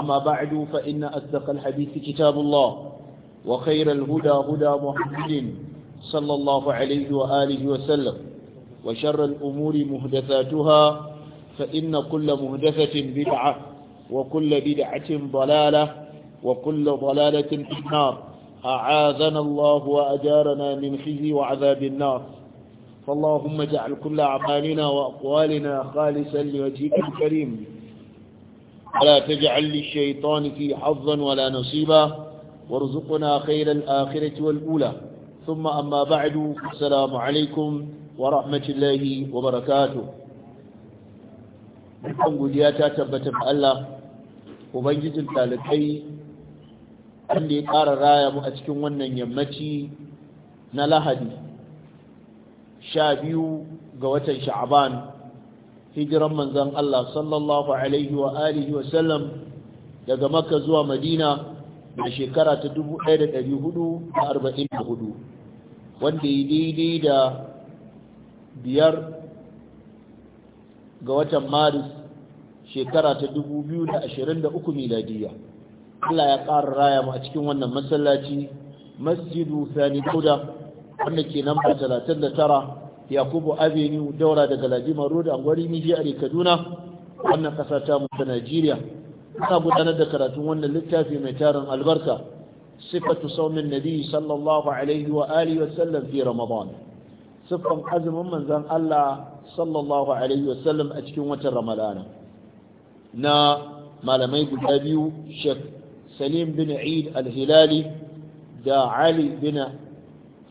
أما بعد فإن أصدق الحديث كتاب الله وخير الهدى هدى محمد صلى الله عليه وآله وسلم وشر الأمور مهدثاتها فإن كل مهدثة بدعة وكل بدعة ضلالة وكل ضلالة في النار أعاذنا الله وأجارنا من خزي وعذاب النار فاللهم اجعل كل أعمالنا وأقوالنا خالصا لوجهك الكريم ولا تجعل للشيطان في حظا ولا نصيبا وارزقنا خير الآخرة والأولى ثم أما بعد السلام عليكم ورحمة الله وبركاته dukkan godiya ta tabbata ga Allah ubangijin talibai wanda ya ƙara raya mu a cikin wannan yammaci na lahadi sha biyu ga watan sha'aban hijiran manzan Allah sallallahu alaihi wa alihi wa sallam daga Makka zuwa Madina da shekara ta 1444 wanda yi daidai da biyar ga watan Maris shekara ta 2023 miladiya Allah ya ƙara raya mu a cikin wannan masallaci Masjidu Sani Kuda wanda ke namba 39 yakubu avenue daura daga ladima road angwari a kaduna wannan kasa ta mu ta najeriya ana gudanar da karatun wannan littafi mai tarin albarka sifatu saumin nabi sallallahu alaihi wa alihi wa sallam fi ramadan sifan azumin manzon Allah sallallahu alaihi wa sallam a cikin watan ramadana na malamai guda biyu shek Salim bin Eid al-Hilali da Ali bin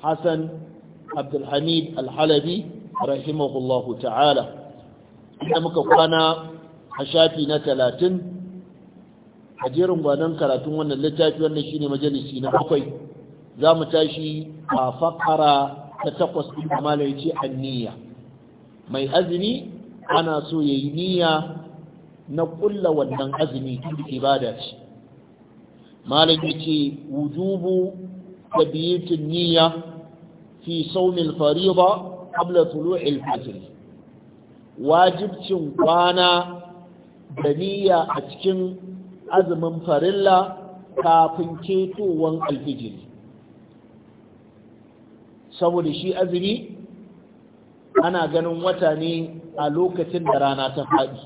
Hassan abdulhamid alhalabi rahimahullahu ta'ala inda muka kwana a shafi na talatin a jerin gwanon karatun wannan littafi wannan shine majalisi na bakwai za mu tashi a fakara ta takwas ɗin da malaye ce anniya mai azumi ana so ya yi niyya na ƙulla wannan azumi tun ibada ce Malami ya wujubu tabiyitin niyya fi saumin fariba qabla tulu'il fajr wajibcin kwana da niyya a cikin azumin farilla kafin ketowan alfijiri saboda shi azumi ana ganin wata ne a lokacin da rana ta faɗi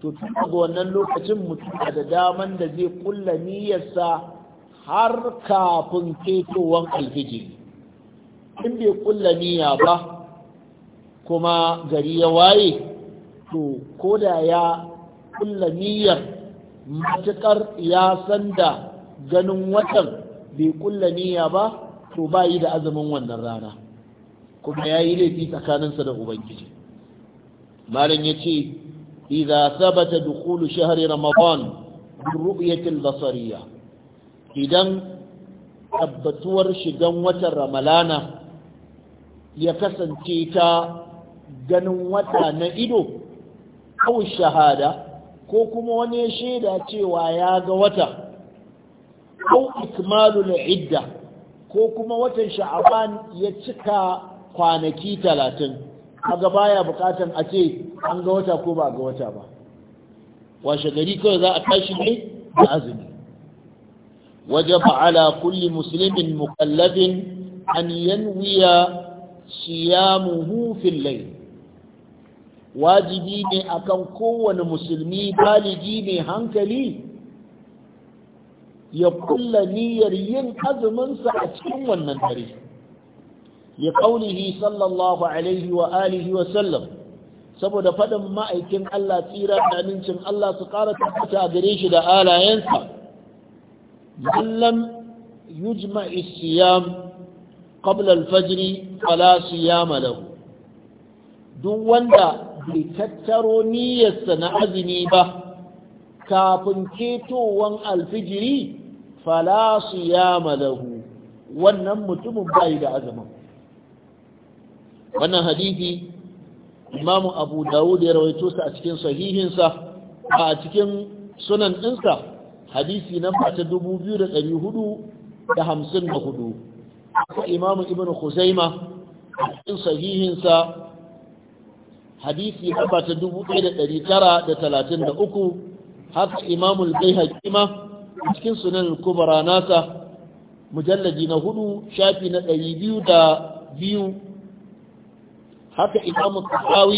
to tun daga wannan lokacin mutum da daman da zai kulla niyyarsa har kafin ketowan alfijiri in bai kulla niyya ba kuma gari ya waye to ko da ya kulla niyyar matuƙar ya san da ganin watan bai kulla niyya ba to ba yi da azumin wannan rana kuma ya yi laifi tsakaninsa da ubangiji malam ya ce idza thabata dukhulu shahri ramadan bi ru'yati idan tabbatuwar shigan watan ramalana ya kasance ta ganin wata na ido kawai shahada ko kuma wani shaida cewa ya ga wata ko ikmalul idda ko kuma watan sha'aban ya cika kwanaki talatin kaga baya bukatan a ce an ga wata ko ba ga wata ba washe gari kawai za a tashi ne da azumi wajaba ala kulli muslimin mukallafin an yanwiya siyamuhu fil layl wajibi ne akan kowane musulmi baligi ne hankali ya kulla niyyar yin azuminsa a cikin wannan dare Ya qawlihi sallallahu alaihi wa alihi wa sallam saboda faɗin ma'aikin Allah tsira da amincin Allah su ƙara tabbata a gare shi da alayensa mallam yujma isiyam qabla al-fajr ya siyama duk wanda bai tattaro niyyarsa na azumi ba kafin ketowan alfijiri Falasu ya lahu wannan mutumin bai da azumin wannan hadisi imamu abu dawud ya rawaito sa a cikin sahihinsa a cikin sunan ɗinsa hadisi na hamsin da hudu. imam ibn khuzaima in sahihinsa hadisi haba ta 1933 haka imam al-baihaqi ma cikin sunan kubra nasa mujalladi na hudu shafi na 202 haka imam al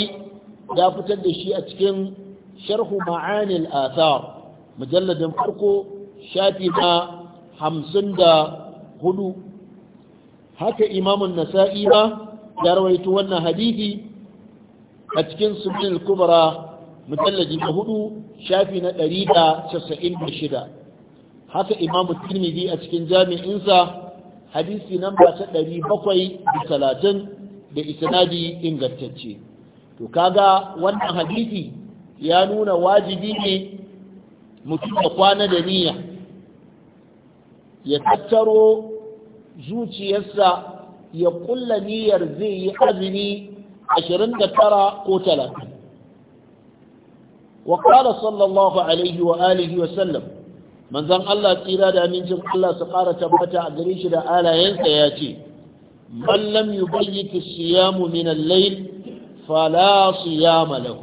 ya fitar da shi a cikin sharhu ma'ani athar mujalladin farko shafi na 54 haka imamun nasa'i ba ya rawaito wannan hadisi a cikin sunan kubra mutallaji na hudu shafi na ɗari da casa'in da shida haka imamu tirmidhi a cikin jami'insa hadisi namba ta ɗari bakwai da talatin da isnadi ingantacce to kaga wannan hadisi ya nuna wajibi ne mutum da kwana da niyya ya tattaro zuciyarsa ya kulla niyyar zai yi azumi 29 ko 30 wa qala sallallahu alaihi wa alihi wa sallam manzan Allah tsira da amincin Allah su ƙara tabbata a gare shi da alayensa ya ce man lam yubayyit siyamu min al-layl su siyama lahu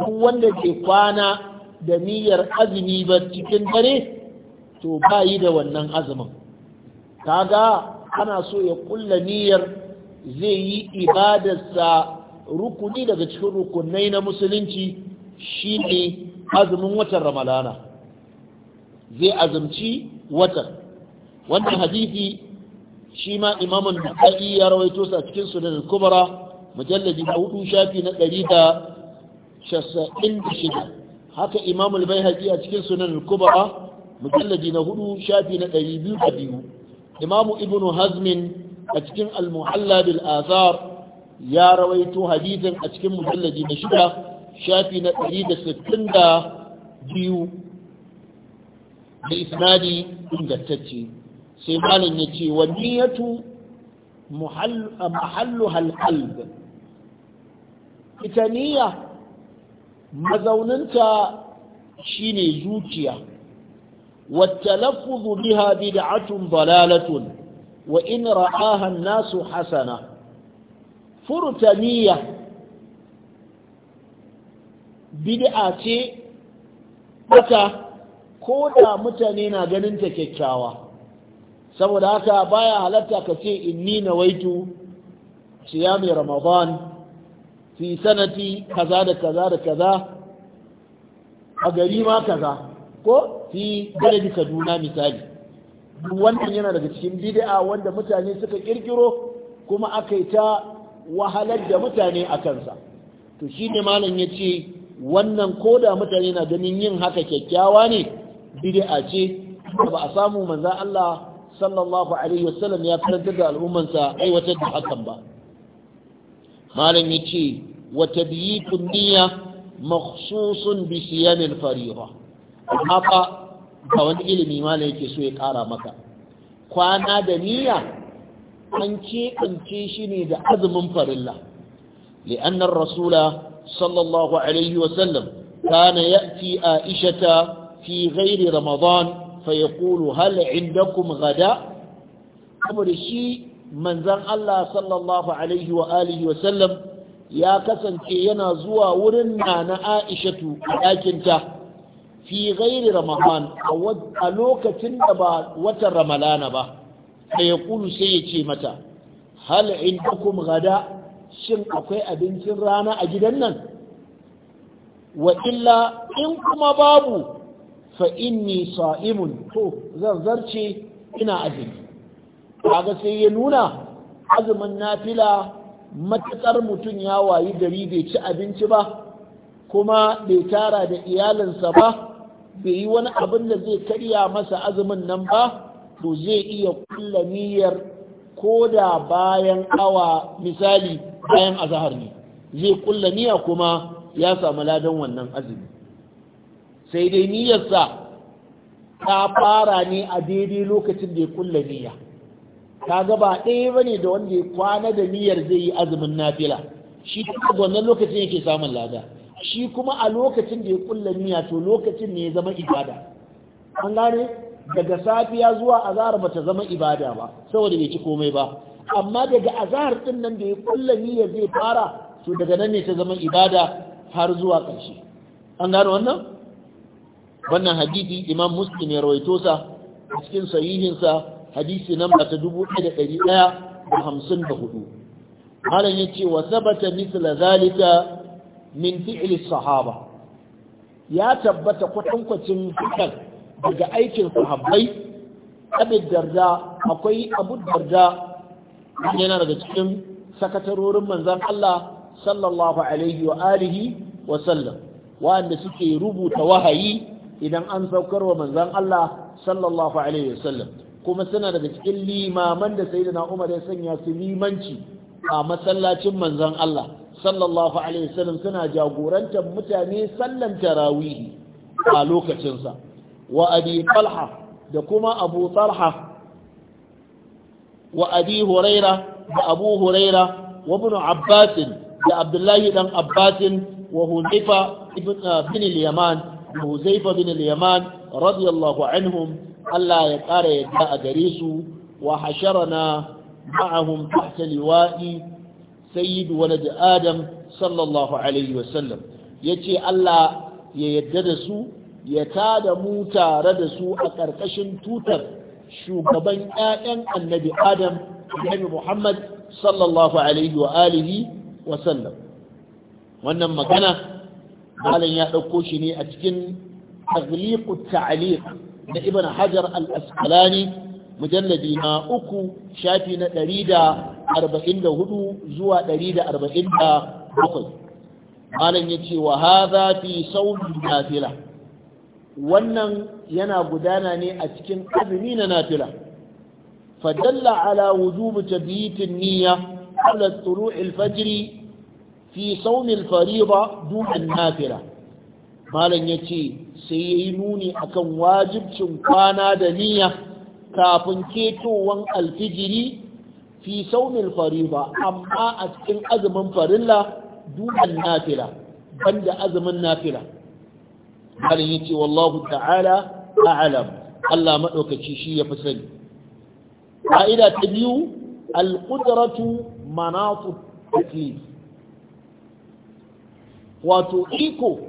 duk wanda ke kwana da niyyar azumi ba cikin dare to ba yi da wannan azumin kaga ana so ya kulla niyyar zai yi ibadarsa rukuni daga cikin rukunai na musulunci Shi ne azumin watan Ramadana zai azumci watan wannan hadisi shi ma imamun bukhari ya rawaito sa cikin sunan al-kubra mujalladi na hudu shafi na ɗari da casa'in da shida haka imamul bai a cikin sunan al-kubra mujalladi na hudu shafi na ɗari biyu da biyu imamu ibnu hazmin a cikin al-muhalla bil azar ya rawaito hadisin a cikin mujallaji na shida shafi na 162 da isnadi ingantacce sai malam ya ce wa niyyatu mahallu halqalb ita niyya mazauninta shine zuciya والتلفظ بها بدعة ضلالة وإن رآها الناس حسنة فرت Ko بدعة mutane كودا متنين جننت kyakkyawa. saboda haka baya halatta ka ce in nina waitu siyami ramadan fi sanati kaza da kaza da kaza a gari ma kaza ko fi baladi kaduna misali duk wannan yana daga cikin bid'a wanda mutane suka kirkiro kuma aka yi ta wahalar da mutane a kansa to shi ne malam ya ce wannan koda mutane na ganin yin haka kyakkyawa ne bid'a ce ba a samu manza Allah sallallahu alaihi wasallam ya karanta da al'ummansa aiwatar da hakan ba malam ya ce wa tabyitun niyya makhsusun bi siyamil fariha amma fa ga wani ilimi mala yake so ya ƙara maka kwana da niyya an keɓance shi ne da azumin farilla li'annar rasula sallallahu alaihi wasallam kana ya'ti aishata fi ghairi ramadan fa yaqulu hal indakum ghada shi manzan Allah sallallahu alaihi wa alihi sallam ya kasance yana zuwa wurin na na Aishatu a ɗakinta fi ghairi ramadan a lokacin da ba watan ramalana ba sai ya kulu sai ya ce mata hal indakum gada shin akwai abincin rana a gidan nan wa illa in kuma babu fa inni sa'imun to zan zarce ina azumi kaga sai ya nuna azumin nafila matakar mutum ya wayi gari bai ci abinci ba kuma bai tara da iyalinsa ba bai yi wani abin da zai karya masa azumin nan ba to zai iya kulla niyyar ko da bayan awa misali bayan azahar ne zai kulla niyya kuma ya samu ladan wannan azumi sai dai niyyarsa ta fara ne a daidai lokacin da ya kulla niyya ta gaba ɗaya ba ne da wanda ya kwana da niyyar zai yi azumin nafila shi kuma wannan lokacin yake samun lada shi kuma a lokacin da ya kulla niyya to lokacin ne ya zama ibada an gane daga safiya zuwa azhar bata zama ibada ba saboda bai ci komai ba amma daga azhar din nan da ya kulla niyya zai fara to daga nan ne ta zama ibada har zuwa ƙarshe an gane wannan wannan hadisi imam muslim ya rawaito sa a cikin sa hadisi namba ta 1154 malam yace wa sabata mithla zalika min sahaba ya tabbata kwatankwacin fitar daga aikin sahabbai abi darda akwai abu darda yana daga cikin sakatarorin manzon Allah sallallahu alaihi wa alihi wa sallam wanda suke rubuta wahayi idan an saukar wa manzon Allah sallallahu alaihi wa sallam kuma suna daga cikin limaman da sayyidina Umar ya sanya su limanci a masallacin manzon Allah sallallahu alaihi wasallam suna jagorantar mutane sallan tarawihi a lokacinsa wa abi talha da kuma abu talha wa abi huraira da abu huraira wa ibn abbas da abdullahi dan abbas wa huzaifa ibn ah, al-yaman huzaifa ibn al-yaman radiyallahu anhum Allah ya kare yadda a gare su wa hasharana ma'ahum tahta liwa'i sayyidu walad adam sallallahu alaihi wasallam yace Allah ya yadda da su ya tada mu tare da su a ƙarƙashin tutar shugaban ƴaƴan annabi adam annabi Muhammad sallallahu alaihi wa sallam wannan magana malam ya ɗauko shi ne a cikin taghliqut ta'liq da ibn hajar al-asqalani mujalladina uku shafi na ɗari da 144 zuwa 147 malam yace wa hadha fi sawmi nafila wannan yana gudana ne a cikin azumi na nafila fadalla ala wujubi tabyitin niyya qabla tulu'i al-fajr fi sawmi fariida dun nafila malam yace sai yayi nuni akan wajibcin kwana da niyya kafin ketowan alfijiri fi saumin fariba amma a cikin azumin farilla duban nafila banda azumin nafila halin ce wallahu ta'ala a'lam Allah maɗaukaci shi ya fi sani ka'ida ta biyu al-qudratu manatu taklif wato iko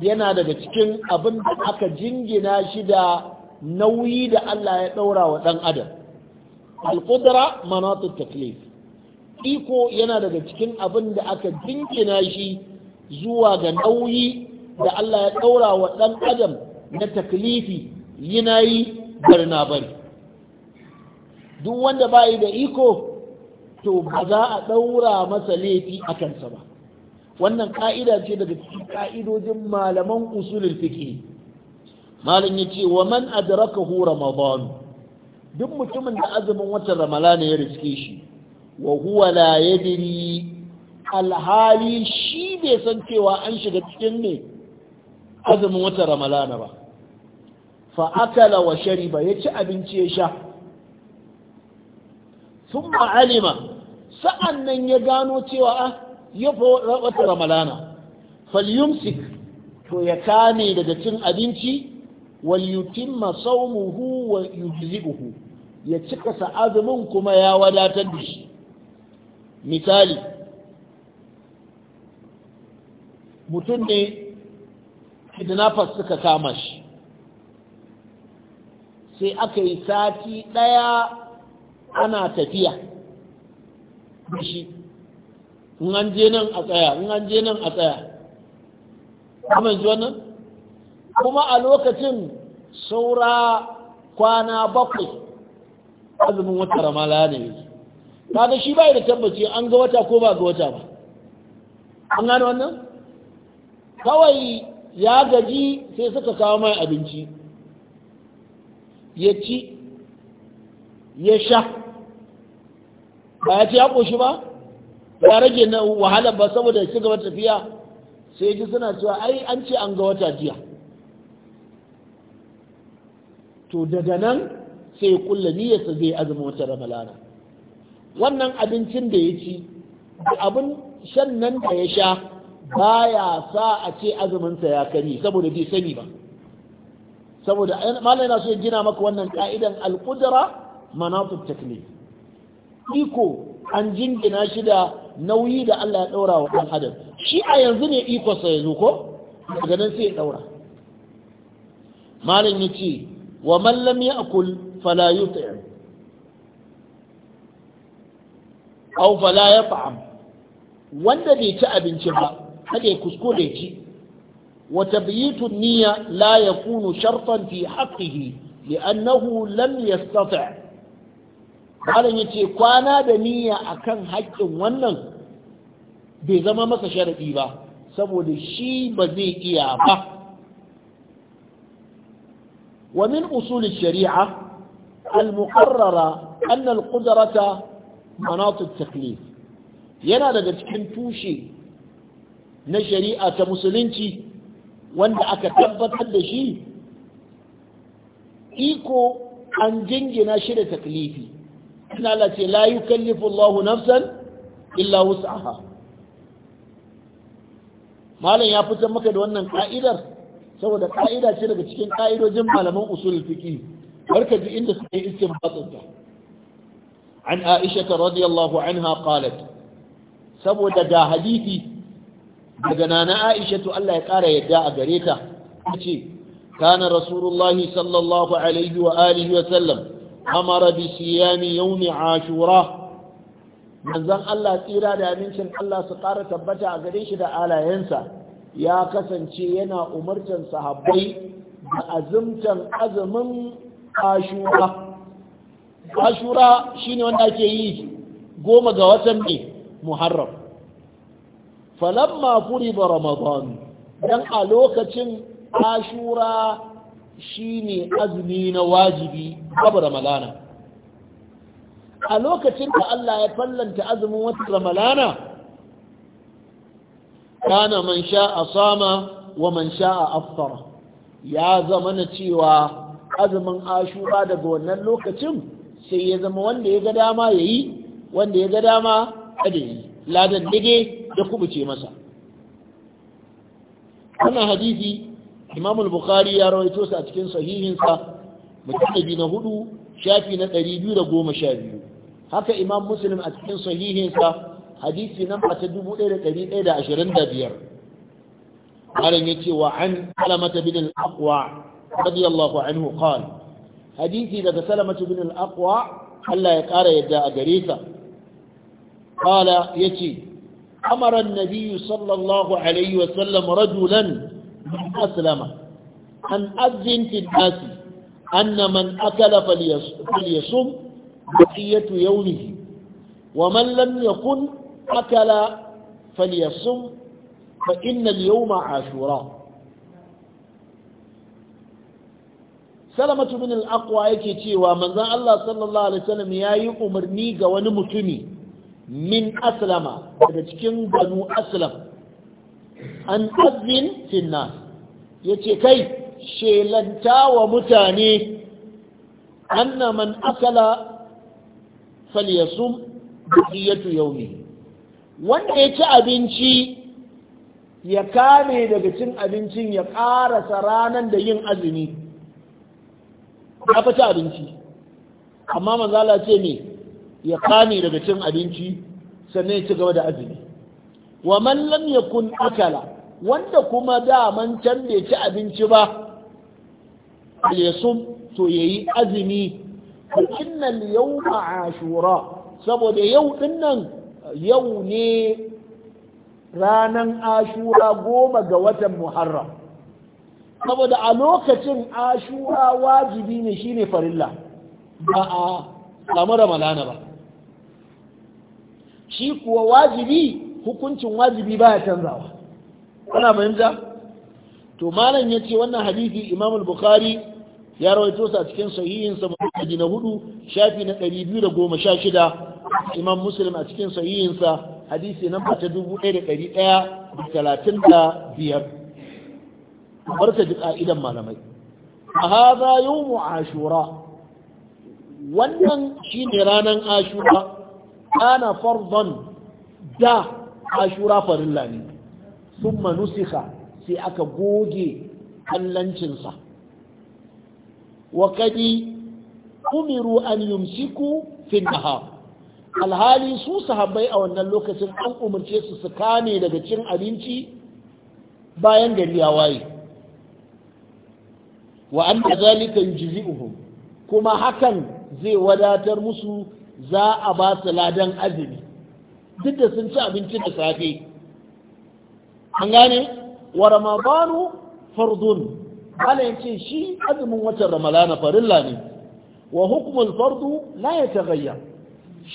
yana daga cikin abin da aka jingina shi da nauyi da Allah ya ɗaura wa ɗan adam al-qudra manatu taklif iko yana daga cikin abin da aka dinkina shi zuwa ga nauyi da Allah ya ɗaura wa ɗan adam na taklifi yinayi yi barna bari duk wanda bayi da iko to ba za a ɗaura masa laifi a kansa ba wannan ƙa'ida ce daga cikin ƙa'idojin malaman usulul fiqh malam ce wa man adrakahu ramadan duk mutumin da azumin watan ramalana ya riske shi wa huwa la yadri alhali shi bai san cewa an shiga cikin ne azumin watan ramalana ba fa akala wa shariba ya ci abinci ya sha thumma alima sa'annan ya gano cewa a ah, ya fa watan ramalana falyumsik to ya kame daga cin abinci wal yutimma sawmuhu wa yujzi'uhu ya cika sa'azumin kuma ya wadatar da shi misali mutum ne kidnappers suka kama shi sai aka yi sati ɗaya ana tafiya da shi in an je nan a tsaya in an je nan a tsaya kamar ji wannan kuma a lokacin saura kwana bakwai azumin wata ramala ne kaga shi bai da tabbaci an ga wata ko ba ga wata ba an gano wannan kawai ya gaji sai suka kawo mai abinci ya ci ya sha ba ya ce ya ƙoshi ba ya rage na wahalar ba saboda ci gaba tafiya sai ji suna cewa ai an ce an ga wata jiya to daga nan sai ya kulla niyyarsa zai azumin wata ramalana wannan abincin da ya ci abin shan nan da ya sha baya sa a ce azuminsa ya kari saboda bai sani ba saboda malam yana so ya gina maka wannan ka'idan alƙudura manatut taklif iko an jingina shi da nauyi da Allah ya ɗaurawa wa ɗan adam shi a yanzu ne ikonsa ya zo ko daga nan sai ya ɗaura malam ya ce wa man lam fala yut'im aw fala yat'am wanda bai ci abinci ba kada ya kuskure ya ci wa tabyitu niyya la yakunu shartan fi haqqihi li'annahu lam yastati' malam yace kwana da niyya akan haƙƙin wannan bai zama masa sharadi ba saboda shi ba zai iya ba ومن أصول shari'a المقررة أن القدرة مناط التكليف yana daga cikin tushe na shari'a ta musulunci wanda aka tabbatar da shi iko an jingina shi da taklifi ina lace la yukallifu Allahu nafsan illa wus'aha malam ya fitar maka da wannan ka'idar saboda ka'ida ce daga cikin ka'idojin malaman usul fiqi barka ji inda suke istinbatsinta an aisha radiyallahu anha qalat saboda ga hadisi daga nana aisha to Allah ya kara yadda a gare ta tace kana rasulullahi sallallahu alaihi wa alihi wa sallam amara bi siyami yawmi ashura manzon Allah tsira da amincin Allah su kara tabbata a gare shi da alayensa ya kasance yana umartan sahabbai da azumtan azumin ashura ashura shine wanda ake yi goma ga watan mai muharram falamma ba ramadan dan a lokacin ashura shine azumi na wajibi babu ramalana a lokacin da Allah ya fallanta azumin watan ramalana kana man a sama wa man a aftara ya zama na cewa azumin ashura daga wannan lokacin sai ya zama wanda ya ga dama ya yi wanda ya ga dama kada yi ladan dage da kubuce masa wannan hadisi imam al-bukhari ya rawaito sa a cikin sahihinsa mutallabi na hudu shafi na 212 haka imam muslim a cikin sahihinsa hadisi namba ta 1125 malam yace wa an salamata bin al-aqwa radiyallahu anhu qala hadisi daga salamata bin al Allah ya kara yadda a gare sa qala yace amara an-nabi sallallahu alaihi wa sallam rajulan aslama an adzin fi an-nas anna man akala falyasum baqiyatu Wa ومن لم يكن akala falyasum fa Yauma al-yawma ashura salamatu Akwa al-aqwa yake cewa manzon Allah sallallahu alaihi wasallam yayi umarni ga wani mutumi min aslama daga cikin banu aslam an azin finna yace kai shelanta wa mutane anna man akala falyasum biyatu yawmihi wanda ya ci abinci ya kame daga cin abincin ya ƙarasa ranar da yin azumi ya fi ci abinci amma manzala ce ne ya kame daga cin abinci sannan ya ci gaba da azumi wa mallam ya kun akala wanda kuma daman can bai ci abinci ba alisun to ya yi azumi inna yau ashura saboda yau ɗin nan yau ne ranan ashura goma ga watan muharram saboda a lokacin ashura wajibi ne shine farilla ba a samu ramalana ba shi kuwa wajibi hukuncin wajibi baya canzawa ana fahimta to malam ya ce wannan hadisi Imam al-Bukhari ya rawaito sa cikin sahihin sa na hudu shafi na 216 imam muslim a cikin sahihinsa hadisi nan ta dubu ɗaya da ɗari ɗaya da talatin da biyar barka ji ƙa'idan malamai a haza yau ashura wannan shine ne ranar ashura ana farzon da ashura farilla ne sun manusika sai aka goge kallancinsa wa kadi umiru an yumsiku fin nahar alhali su sahabbai a wannan lokacin an umarce su su kame daga cin abinci bayan gari ya waye wa an da zalika yujzi'uhum kuma hakan zai wadatar musu za a ba su ladan azumi duk da sun ci abinci da safe an gane wa ramadanu fardun ala yace shi azumin watan ramadana farilla ne wa hukmul fardu la yataghayyar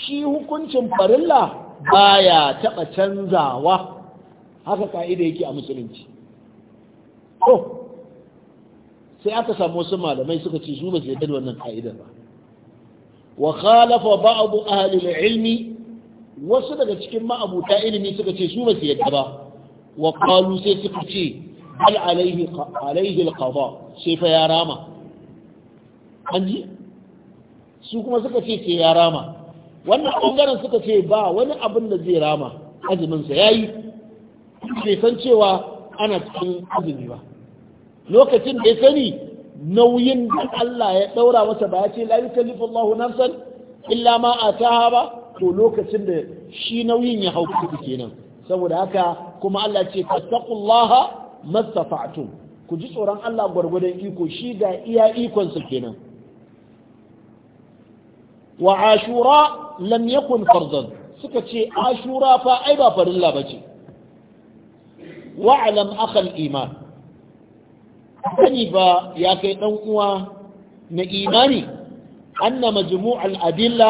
shi hukuncin farilla baya taɓa canzawa haka ka'ida yake a musulunci oh sai aka samu wasu malamai suka ce su ba su yadda wannan ka'idar ba wa khalafa ba'd ahli al-ilmi wasu daga cikin ma'abuta ilimi suka ce su ba su yadda ba wa qalu sai suka ce bal alayhi alayhi al-qada sai fa ya rama anji su kuma suka ce ke ya rama wannan ɓangaren suka ce ba wani abin da zai rama azuminsa ya yi bai san cewa ana cikin azumi ba lokacin da ya sani nauyin da Allah ya ɗaura masa ba ya ce la yukallifu Allahu nafsan illa ma ataha ba to lokacin da shi nauyin ya hau kuka kenan saboda haka kuma Allah ce fattaqullaha mastata'tum ku ji tsoron Allah gwargwadon iko shi ga iya ikonsa kenan wa ashura lam yakun farzan suka ce ashura fa ai ba farin labace wa'alam akhal iman sani ba ya kai dan uwa na imani anna majmu'al adilla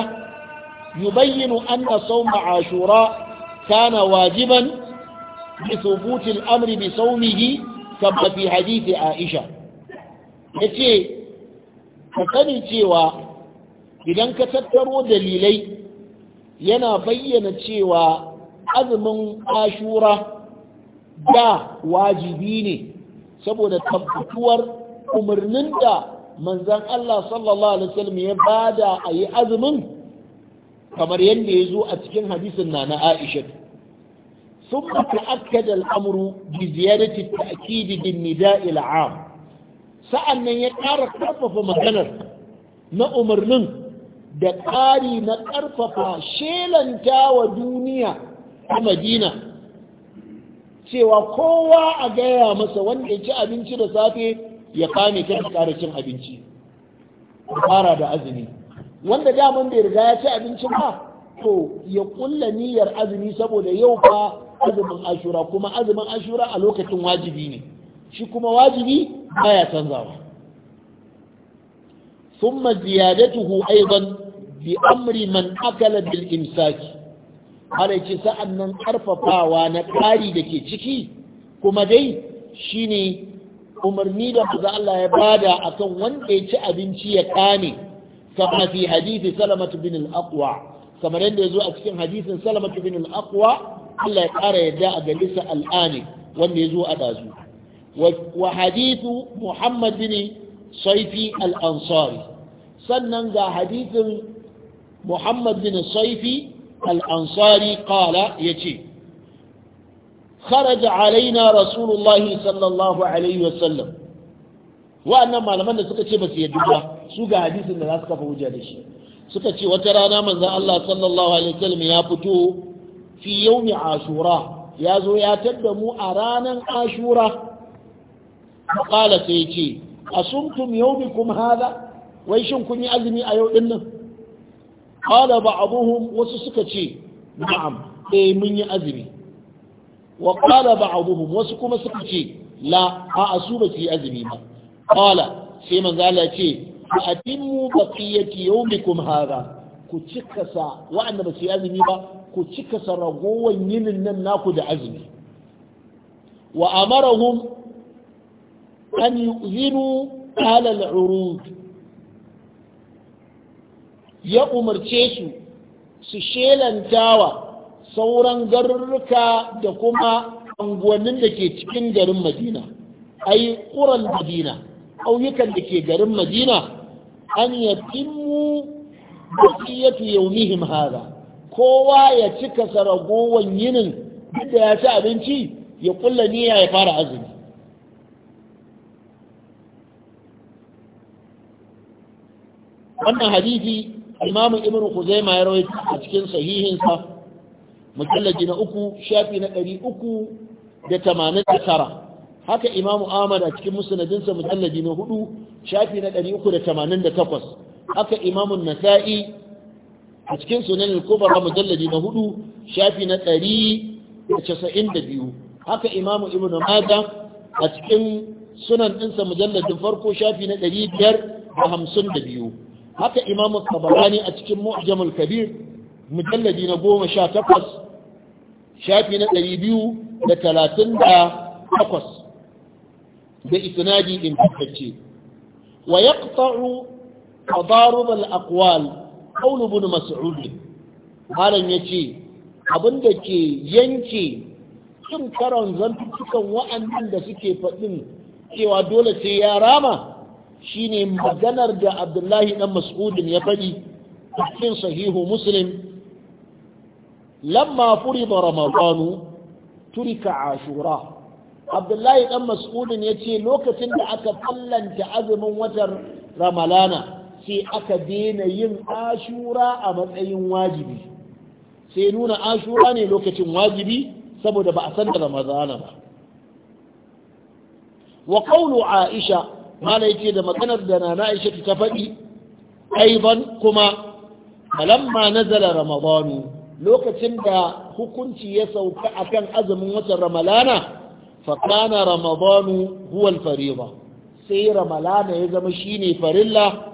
yubayyinu anna sawma ashura kana wajiban bi thubuti al-amri bi sawmihi kama fi hadith aisha yace ka sani cewa idan ka tattaro dalilai yana bayyana cewa azumin ashura da wajibi ne saboda tabbatuwar umarnin da manzan Allah sallallahu alaihi wasallam ya bada a yi azumin kamar yadda ya zo a cikin hadisin na na Aisha ثم تأكد الأمر بزيادة التأكيد بالنداء العام sa'an nan ya ƙara ƙarfafa maganar na umarnin da ƙari na ƙarfafa shelanta wa duniya a madina cewa kowa a gaya masa wanda ya ci abinci da safe ya kame ta ƙara cin abinci fara da azumi wanda daman bai riga ya ci abinci ba to ya kulla niyyar azumi saboda yau fa azumin ashura kuma azumin ashura a lokacin wajibi ne shi kuma wajibi baya canzawa ثم زيادته أيضا bi amri man akala bil imsaki ana ce sa'an nan ƙarfafawa na ƙari da ke ciki kuma dai shine umarni da maza Allah ya bada akan wanda ya ci abinci ya kane kama fi hadisi salamatu bin al-aqwa kamar yadda ya zo a cikin hadisin salamatu bin al-aqwa Allah ya ƙara yadda a galisa al'ani wanda ya zo a ɗazu wa hadithu muhammad bin saifi al-ansari sannan ga hadithin muhammad bin saifi al'ansari kala ya ce kharaja alaina rasulullahi sallallahu alaihi wasallam wa'annan malaman da suka ce ba su yadda ba su ga hadisin da za su kafa hujja da shi suka ce wata rana manzan Allah sallallahu alaihi wasallam ya fito fi yaumi ashura ya zo ya tadda mu a ranar ashura qala sai ce a sun asumtum kuma hadha wai shin kun yi azumi a yau din nan qala ba'dhum wasu suka ce na'am eh mun yi azumi wa qala ba'dhum wasu kuma suka ce la a asu ba yi azumi ba qala sai manzo Allah ce fa atimmu baqiyati yawmikum hadha ku cika sa wa'anda ba yi azumi ba ku cika sa ragowar yinin nan naku da azumi wa amarahum an yu'zinu ala al-urud ya umarce su su shelantawa sauran garurruka da kuma unguwannin da ke cikin garin madina ai ƙuran madina ƙauyukan da ke garin madina an ya da bakiyatu yaumihim hada kowa ya cika saragowar yinin da ya ci abinci ya kulla niyya ya fara azumi wannan hadisi imamu ibn khuzaima ya rawaito a cikin sahihinsa mujallaji na uku shafi na ɗari uku da tamanin da tara haka imamu ahmad a cikin musnadinsa mujallaji na hudu shafi na ɗari uku da tamanin da takwas haka imamun nasa'i a cikin sunan al-kubra mujallaji na hudu shafi na ɗari da casa'in da biyu haka imamu ibn mada a cikin sunan ɗinsa mujalladin farko shafi na ɗari biyar da hamsin da biyu haka imamu tabarani a cikin mu'jamul kabir mujalladi na goma sha takwas shafi na ɗari biyu da talatin da takwas da isnadi ingantacce wa yaqta'u tadarub al-aqwal qawl ibn mas'ud malam yace abinda ke yanke cin karon zantukan wa'annan da suke faɗin cewa dole sai ya rama shine maganar da abdullahi dan mas'udin ya faɗi cikin sahihu muslim lamma furida ramadanu turika ashura abdullahi dan mas'udin ya ce lokacin da aka fallanta azumin watan ramalana sai aka daina yin ashura a matsayin wajibi sai nuna ashura ne lokacin wajibi saboda ba a san da ramadana ba wa qawlu aisha mala yake da maganar da nana aisha ta faɗi aiban kuma falamma nazala ramadanu lokacin da hukunci ya sauka a kan azumin watan ramalana faƙana ramadanu huwal fariba sai ramalana ya zama shine farilla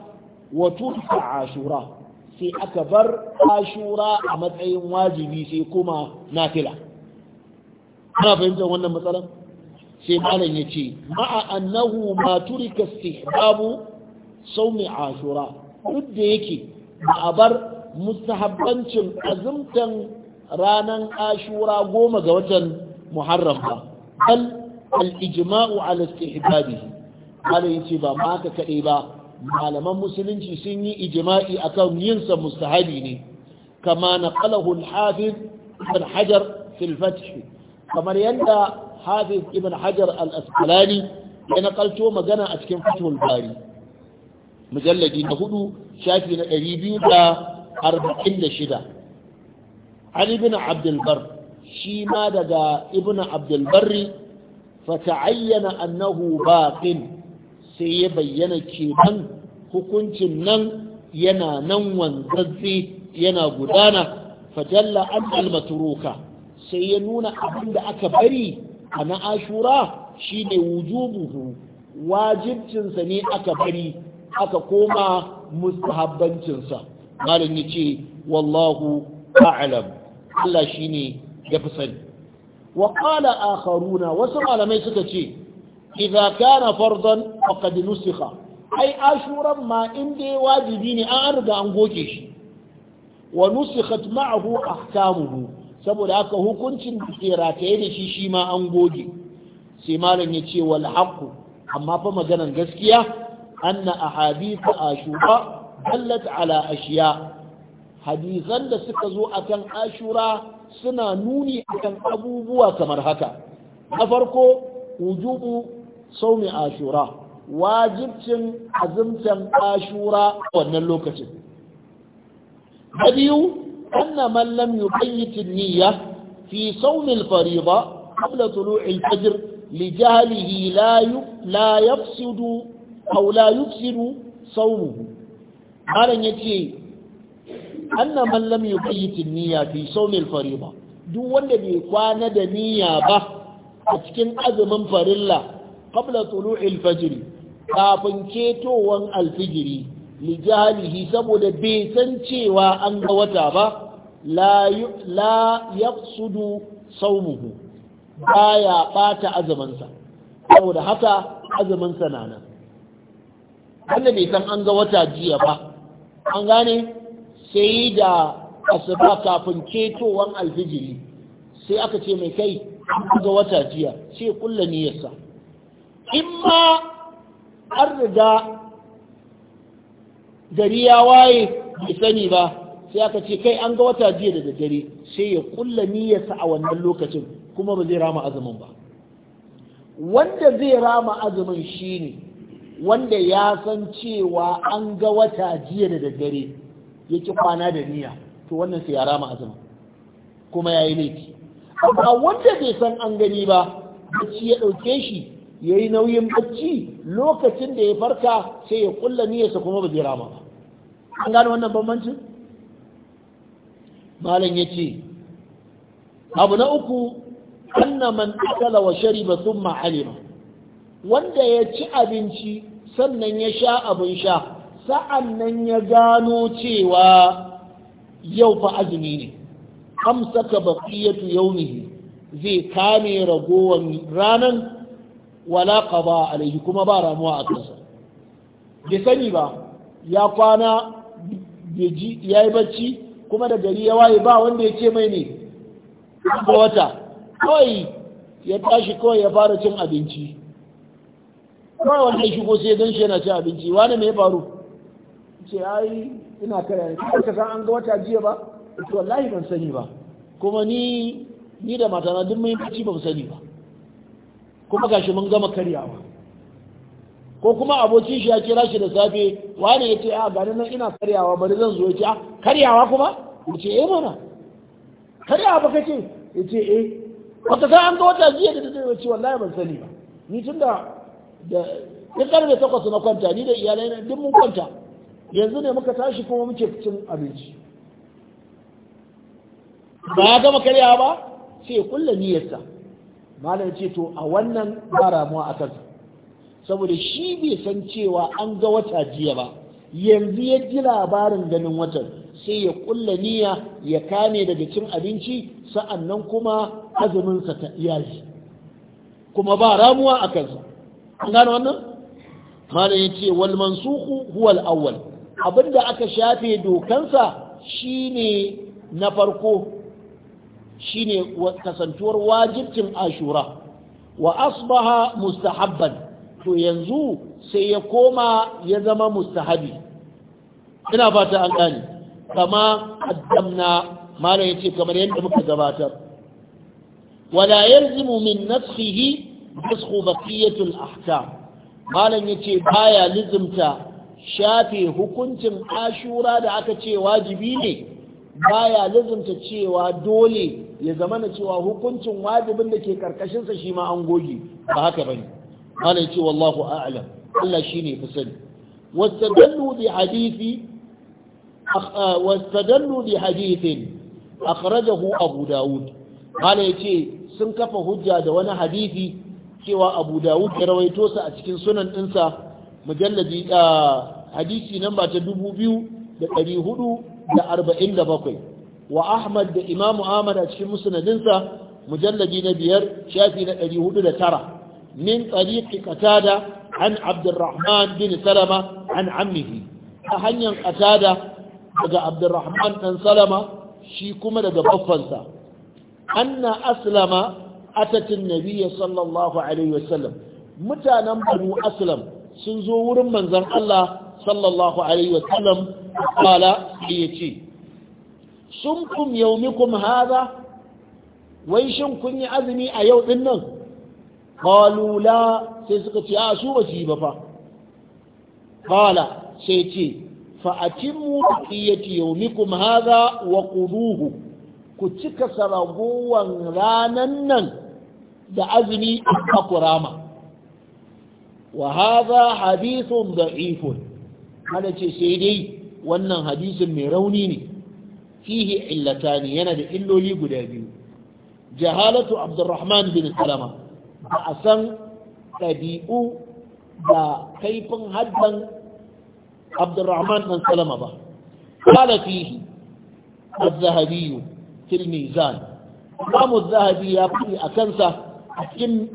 wa tuka ashura sai aka bar ashura a matsayin wajibi sai kuma nafila ana fahimtar wannan matsalar sai malam ya ce ma'a annahu ma turika istihbabu saumi ashura duk da yake ba a bar mustahabbancin azumtan ranan ashura goma ga watan muharram ba bal al-ijma'u ala istihbabihi malam ya ce ba ma haka kaɗai ba malaman musulunci sun yi ijima'i akan yinsa mustahabi ne kama na qalahul hafiz ibn hajar fil fath kamar yadda hafiz ibn hajar al ya naƙalto magana a cikin fathul bari mujalladi na hudu shafi na ɗari biyu da arba'in da shida an ibn abdulbar shi ma daga ibn abdulbarri fata'ayyana annahu baƙin. sai ya bayyana kenan hukuncin nan yana nan wanzazze yana gudana fajalla an almatruka sai ya nuna abin da aka bari a na ashura shine wujubuhu wajibcinsa ne aka bari aka koma mustahabbancinsa malam ya ce wallahu a'lam Allah shine ya fi sani wa qala akharuna wasu malamai suka ce idza kana fardan faqad nusikha ai ashuran ma inda wajibi ne an riga an goke shi wa nusikhat ma'ahu ahkamuhu saboda haka hukuncin da ke rataye da shi shi ma an goge sai malam ya ce wal haqqu amma fa maganan gaskiya anna ahadithu ashura dallat ala ashiya hadisan da suka zo akan ashura suna nuni akan abubuwa kamar haka na farko wujubu sawmi ashura wajibcin azumtan ashura wannan lokacin na biyu أن من لم يبيت النية في صوم الفريضة قبل طلوع الفجر لجهله لا لا يفسد أو لا يفسد صومه قال يتي أن من لم يبيت النية في صوم الفريضة duk wanda bai kwana da niyya ba a cikin azumin farilla qabla tulu'il fajr kafin cetowar alfijiri lijalihi saboda bai san cewa an ga wata ba la yaqsudu saumuhu baya ɓata azamansa saboda haka azamansa na nan wanda bai san an ga wata jiya ba an gane sai da asuba kafin ketowan alfijiri sai aka ce mai kai an ga wata jiya sai kulla niyyarsa in ma an riga gari ya waye bai sani ba sai aka ce kai an ga wata jiya daga dare sai ya kulla niyyarsa a wannan lokacin kuma ba zai rama azumin ba wanda zai rama azumin shi ne wanda ya san cewa an ga wata jiya daga daddare ya ki kwana da niyya to wannan sai ya rama azumin kuma ya yi laifi amma wanda bai san an gani ba bacci ya ɗauke shi ya yi nauyin bacci lokacin da ya farka sai ya kulla niyyarsa kuma ba zai rama ba an gano wannan bambancin malam ya ce abu na uku anna man akala wa shariba thumma alima wanda ya ci abinci sannan ya sha abin sha sa'annan ya gano cewa yau fa azumi ne amsaka baqiyatu yawmihi zai kame ragowar ranan wala qada alayhi kuma ba ramuwa a kansa bai sani ba ya kwana bai yayi ya bacci kuma da gari ya waye ba wanda ya ce mai ne ga wata kawai ya tashi kawai ya fara cin abinci kawai wanda ya shigo sai don shi yana cin abinci wani mai faru ce ai ina kare ne ka san an ga wata jiya ba to wallahi ban sani ba kuma ni ni da matana duk mai bacci ba sani ba kuma gashi mun gama karyawa ko kuma abokin shi ya kira shi da safe wani ya ce a ah, gani nan ina karyawa bari zan zo ya ce a ah, karyawa kuma ya ce eh mana karyawa ba kace ya ce eh wata sai an ga wata jiya da ta ce wallahi ban sani ba ni tun da ya karfe takwas na kwanta ni da iyalai na duk mun kwanta yanzu ne muka tashi kuma muke cin abinci ba ya gama karyawa ba sai kulla niyyarsa malam ce to a wannan ba ramuwa a kansa saboda shi bai san cewa an ga wata jiya ba yanzu ya ji labarin ganin watan sai ya kulla niyya ya kame daga cin abinci sa'annan kuma azuminsa ta iyali kuma ba ramuwa a kansa an gano wannan mana ya ce wal mansuku huwal awwal abinda aka shafe dokansa shine na farko shine kasantuwar wajibcin ashura wa asbaha mustahabban to yanzu sai ya koma ya zama mustahabi ina fata an gani kama addamna malam yace kamar yadda muka gabatar wala yalzimu min nafsihi nasxu baqiyatu al-ahkam malam yace baya lizimta shafe hukuncin ashura da aka ce wajibi ne baya lizimta cewa dole ya zama na cewa hukuncin wajibin da ke karkashinsa shi ma an goge ba haka bane Allah ce wallahu a'lam Allah shine fi sani wastadallu bi hadisi ah, wastadallu bi hadithin akhrajahu Abu Dawud Allah ce sun kafa hujja da wani hadisi cewa Abu Dawud ya rawaito sa a cikin sunan dinsa mujalladi ah, hadisi namba ta 2447 wa Ahmad da Imam Ahmad a cikin musnadinsa mujalladi na biyar shafi na 409 min tsariƙi katada an abdurrahman bin salama an ammihi ta hanyar qatada daga abdurrahman ɗan salama shi kuma daga baffansa anna aslama atatin nabiyya sallallahu alaihi wasallam mutanen banu aslam sun zo wurin manzon Allah sallallahu alaihi wasallam kala sai yace sumkum yawmikum hadha wai shin kun yi azumi a yau din nan Kalula sai suka ce a su ba su yi ba fa qala sai ce fa atimmu baqiyati kuma haza wa quduhu ku cika saragowan ranan nan da azumi a kurama wa da hadithun da'ifun hada ce sai dai wannan hadisin mai rauni ne illata ne yana da illoli guda biyu jahalatu abdurrahman bin salama ba a san ɗabi'u da kaifin haddan abdurrahman ɗan salama ba ƙala fihi al-zahabiyu fil mizan ya fi a kansa a cikin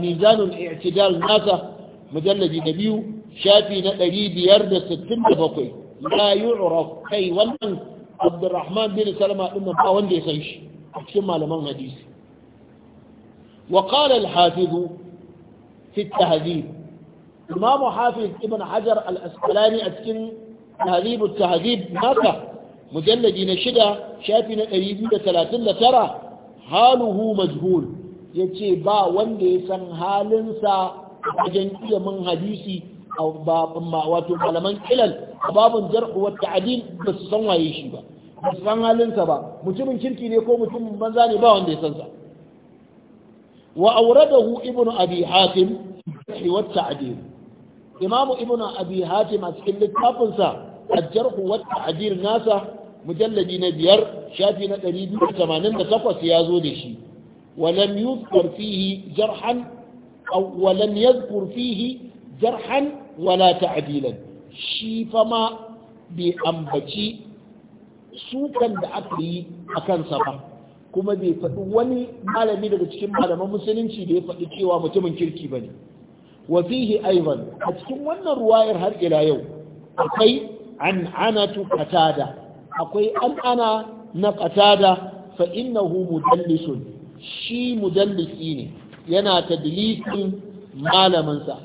mizanun Cidal nasa mujallabi na biyu shafi na ɗari biyar da sittin da bakwai ya yi urof kai wannan abdurrahman bin salama ɗin ba wanda ya san shi a cikin malaman hadisi وقال الحافظ في التهذيب إمام حافظ ابن حجر الأسقلاني أتكن تهذيب التهذيب ناكا مجلد نشدة شافنا قريبي لثلاثين لترى حاله مجهول yace ba wanda ya san halinsa wajen iya mun hadisi a wato malaman ilal babun jar'u wa ta'dil ba su san waye shi ba ba su san halinsa ba mutumin kirki ne ko mutumin banza ne ba wanda ya san sa وأورده ابن أبي حاتم والتعديل إمام ابن أبي حاتم أسئل التابنسا الجرح والتعديل ناسا مجلد نبيار شافنا تريد ثمانين تقوى سيازو لشي ولم يذكر فيه جرحا أو ولم يذكر فيه جرحا ولا تعديلا شي فما بأنبتي سوكا بأكلي أكن سبا kuma bai faɗi wani malami daga cikin malaman musulunci da ya faɗi cewa mutumin kirki ba ne wa fihi aivan a cikin wannan ruwayar har ila yau akwai an anatu qatada akwai an ana na qatada fa innahu mudallisun shi mudallisi ne yana tadlisin malamin sa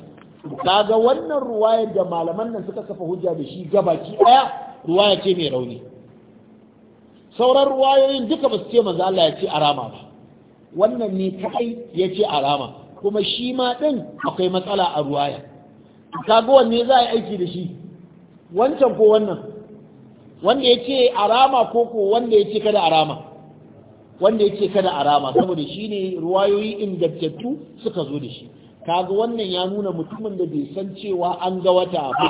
kaga wannan ruwayar da malaman nan suka kafa hujja da shi gabaki daya ruwaya ce mai rauni sauran ruwayoyin duka ba su ce manzo Allah ya ce arama ba wannan ne kai ya ce arama kuma shi ma din akwai matsala a ruwaya kaga wanne za a yi aiki da shi wancan ko wannan wanda ya ce arama ko ko wanda ya ce kada arama wanda ya ce kada arama saboda shi ne ruwayoyi ingantattu suka zo da shi kaga wannan ya nuna mutumin da bai san cewa an ga wata ba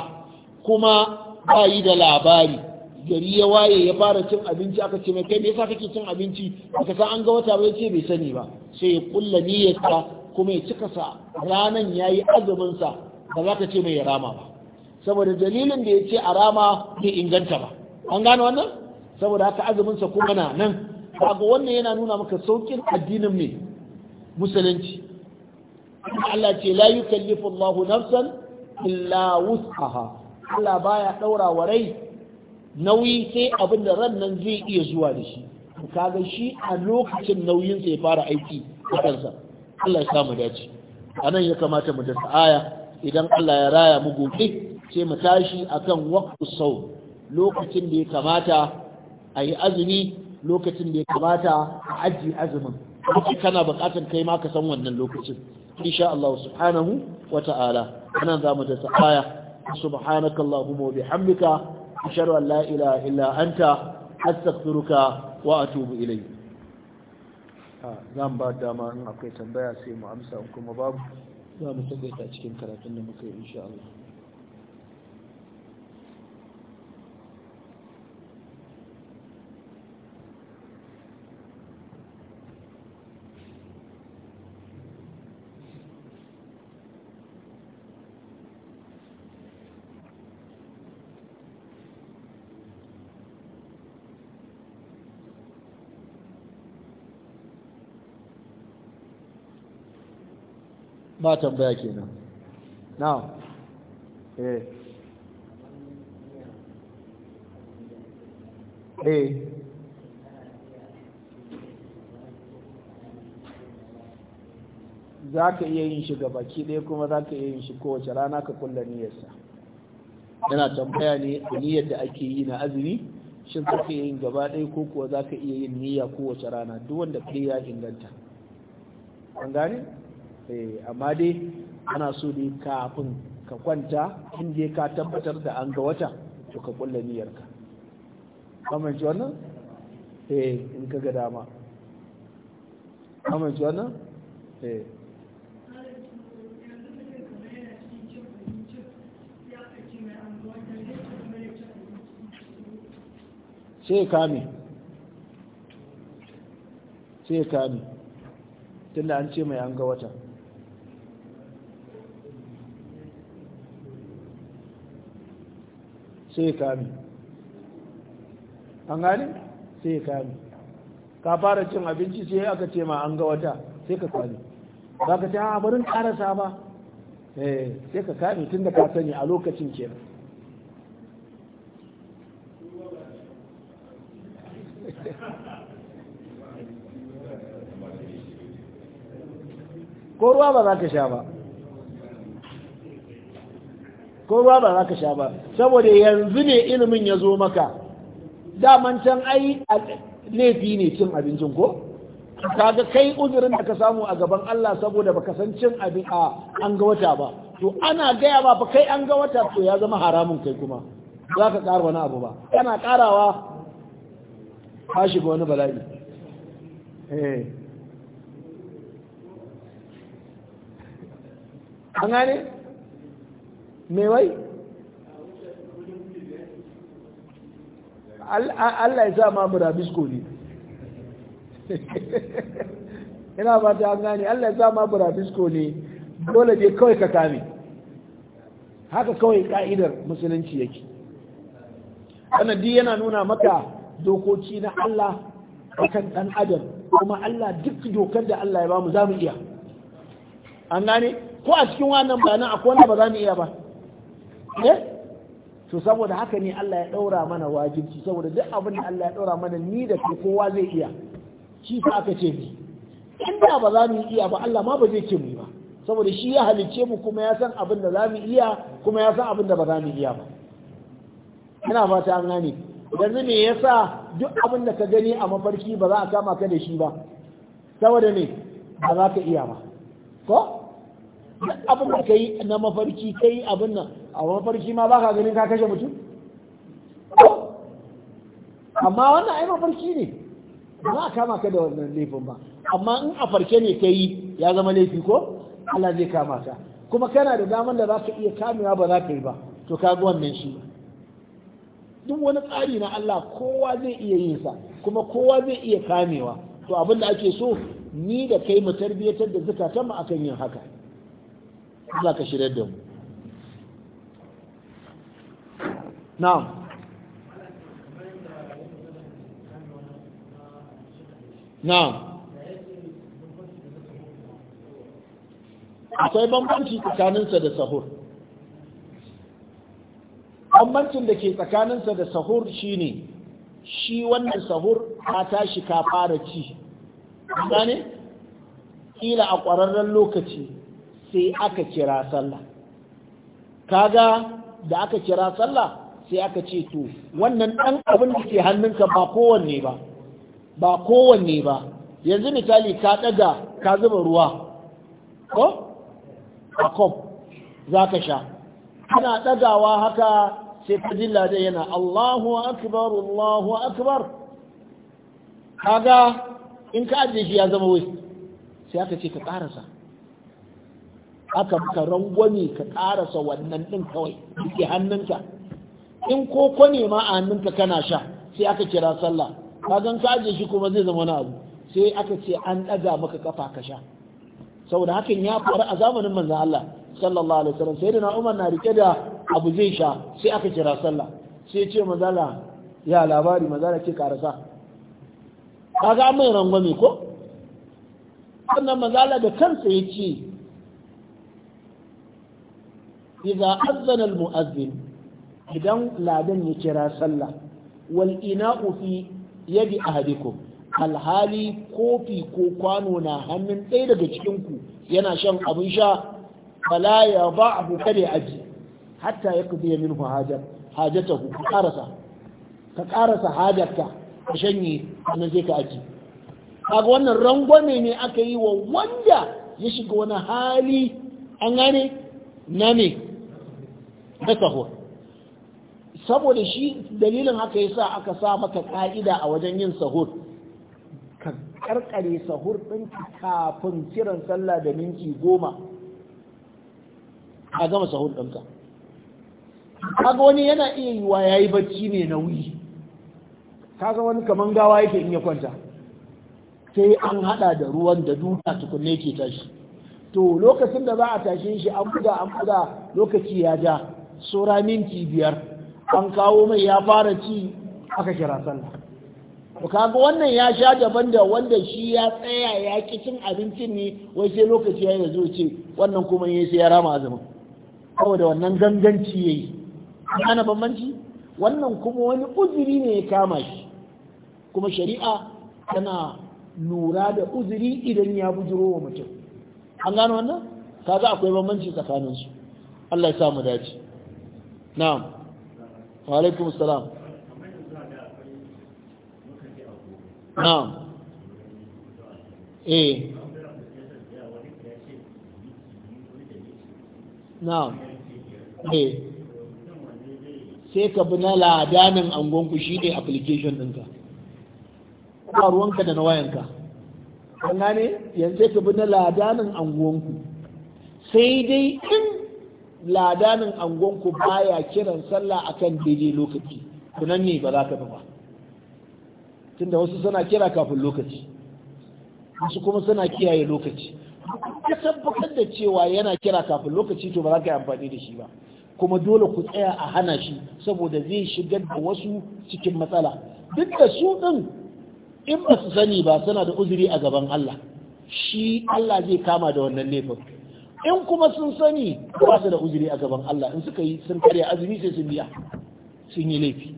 kuma ba yi da labari gari ya waye ya fara cin abinci aka ce mai kai me yasa kake cin abinci aka san an ga wata bai ce bai sani ba sai ya kulla niyyarsa kuma ya cika sa ranan yayi azumin sa ba za ka ce mai rama ba saboda dalilin da ya ce a rama bai inganta ba an gane wannan saboda haka azumin sa kuma na nan kaga wannan yana nuna maka saukin addinin ne musulunci Allah ce la yukallifu Allahu nafsan illa wus'aha Allah baya daura wa rai nauyi sai abin da ran nan zai iya zuwa da shi kaga shi a lokacin nauyin sai fara aiki a kansa Allah ya samu dace anan ya kamata mu da aya idan Allah ya raya mu gobe sai mu tashi akan waqtu sau lokacin da ya kamata a yi azumi lokacin da ya kamata a aji azumin kuma kana buƙatar kai ma ka san wannan lokacin insha Allah subhanahu wata'ala anan zamu da aya subhanakallahumma wa bihamdika ashhadu an la ilaha illa anta astaghfiruka wa atubu zan ba dama in akwai tambaya sai mu amsa kuma babu za mu taƙaita cikin karatun da muka yi insha Allah ba tambaya kenan na'am eh eh za ka iya yin shi baki ɗaya kuma za ka iya yin shi kowace rana ka kulla niyyarsa yana tambaya ne a niyyar da ake yi na azumi shin za ka iya yin gaba ɗaya ko kuwa za ka iya yin niyya kowace rana duk wanda kai ya inganta an gane Eh, amma dai ana so ne kafin ka kwanta in je ka tabbatar da an ga wata to ka kulla niyyarka amince wannan eh in ka ga dama amince wannan eh sai kame sai kame tunda an ce mai an ga wata sai ya kame an gani sai ya kame ka fara cin abinci sai aka ce ma an ga wata sai ka kame ba ka ce a ah, barin karasa ba eh, sai ka kame tun da ka sani a lokacin ke ko ruwa ba za ka sha ba ko ruwa ba za ka sha ba saboda yanzu ne ilimin ya zo maka daman can ai laifi ne cin abincin ko kaga kai uzurin da ka samu a gaban Allah saboda baka san cin abin a an ga wata ba to ana gaya ma ba kai an ga wata to ya zama haramun kai kuma za ka ƙara wani abu ba kana ƙarawa ka shiga wani bala'i eh. an gane me wai Allah ya sa ma burabisko ne ina ba ta gane Allah ya sa ma burabisko ne dole dai kawai ka kame haka kawai ka'idar musulunci yake wannan di yana nuna maka dokoki na Allah akan dan adam kuma Allah duk dokar da Allah ya bamu za mu iya an gane ko a cikin wannan bayanan akwai wani ba za mu iya ba Eh? to saboda haka ne Allah ya daura mana wajibi saboda duk abin da Allah ya daura mana ni da ke kowa zai iya shi fa aka ce ni inda ba za mu iya ba Allah ma ba zai ce mu ba saboda shi ya halicce mu kuma ya san abin da za mu iya kuma ya san abin da ba za mu iya ba ina fata an gane yanzu me yasa duk abin da ka gani a mafarki ba za a kama ka da shi ba saboda ne ba za ka iya ba ko duk abin da ka yi na mafarki ka yi abin nan a farki ma ba ka ganin ka kashe mutum amma wannan ai farki ne ba a kama ka da wannan laifin ba amma in a farke ne ka yi ya zama laifi ko Allah zai kama ka kuma kana da daman da za ka iya kamewa ba za ka yi ba to ka ga wannan shi duk wani tsari na Allah kowa zai iya yin sa kuma kowa zai iya kamewa to abin da ake so ni da kai mu tarbiyyatar da zukatan akan yin haka Allah ka shirar da mu نعم نعم akwai bambanci tsakaninsa da sahur bambancin da ke tsakaninsa da sahur shine shi wannan sahur ka tashi ka fara ci gane kila a ƙwararren lokaci sai aka kira sallah kaga da aka kira sallah sai aka ce to wannan ɗan abin da ke hannunka ba kowanne ba ba kowanne ba yanzu misali ka ɗaga ka zuba ruwa ko a kof za ka sha kana ɗagawa haka sai ka jilla da yana Allahu akbar Allahu akbar kaga in ka ajiye shi ya zama wai sai aka ce ka ƙarasa aka maka ka ƙarasa wannan ɗin kawai ke hannunka in koko ne ma a hannunka kana sha sai aka kira sallah ka gan ka aje shi kuma zai zama wani abu sai aka ce an ɗaga maka kafa ka sha saboda hakan ya faru a zamanin manzon Allah sallallahu alaihi wasallam sai da Umar na rike da abu zai sha sai aka kira sallah sai ya ce manzala ya labari manzala ce karasa kaga an mai rangwame ko sannan manzala da kansa ya ce idza azzana al idan ladan ya kira sallah wal ina'u fi yadi ahadikum alhali kofi ko kwano na hannun ɗaya daga cikin ku yana shan abin sha fala ya ba'hu kare aji hatta yaqdi minhu hajar, hajatahu ka karasa ka karasa hajarka ka shanye sannan zai ka aji kaga wannan rangwame ne aka yi wa wanda ya shiga wani hali an gane na ne na sahur saboda shi dalilin haka yasa aka sa maka ka'ida a wajen yin sahur ka karkare sahur ɗinki kafin kiran sallah da minti goma a gama sahur ɗinka kaga wani yana iya yiwa ya yi bacci mai nauyi kaga wani kaman gawa yake in ya kwanta sai an hada da ruwan da duka tukunne ke tashi to lokacin da za a tashe shi an buga an buga lokaci ya ja sora minti biyar an kawo mai ya fara ci aka kira sallah to kaga wannan ya sha daban da wanda shi ya tsaya ya ki cin abincin ne wai sai lokaci ya zo ce wannan kuma yayi sai ya rama azumin saboda wannan ganganci yayi ana bambanci wannan kuma wani uzuri ne ya kama shi kuma shari'a tana lura da uzuri idan ya bujuro wa mutum an gano wannan kaga akwai bambanci tsakanin su Allah ya sa mu dace na'am wa alaikum salam na'am eh na'am eh sai ka bi na ladanin angonku shi ne application ɗinka ba ruwanka da na wayanka an gane yanzu ka bi na ladanin angonku sai dai in ladanin angonku baya kiran sallah akan daidai lokaci kunan ne ba za ka ba tunda wasu suna kira kafin lokaci wasu kuma suna kiyaye lokaci ka tabbatar da cewa yana kira kafin lokaci to ba za ka yi amfani da shi ba kuma dole ku tsaya a hana shi saboda zai shigar da wasu cikin matsala duk da su din in ba su sani ba suna da uzuri a gaban Allah shi Allah zai kama da wannan laifin in kuma sun sani ba su da uzuri a gaban Allah in suka yi sun karya azumi sai sun biya sun yi laifi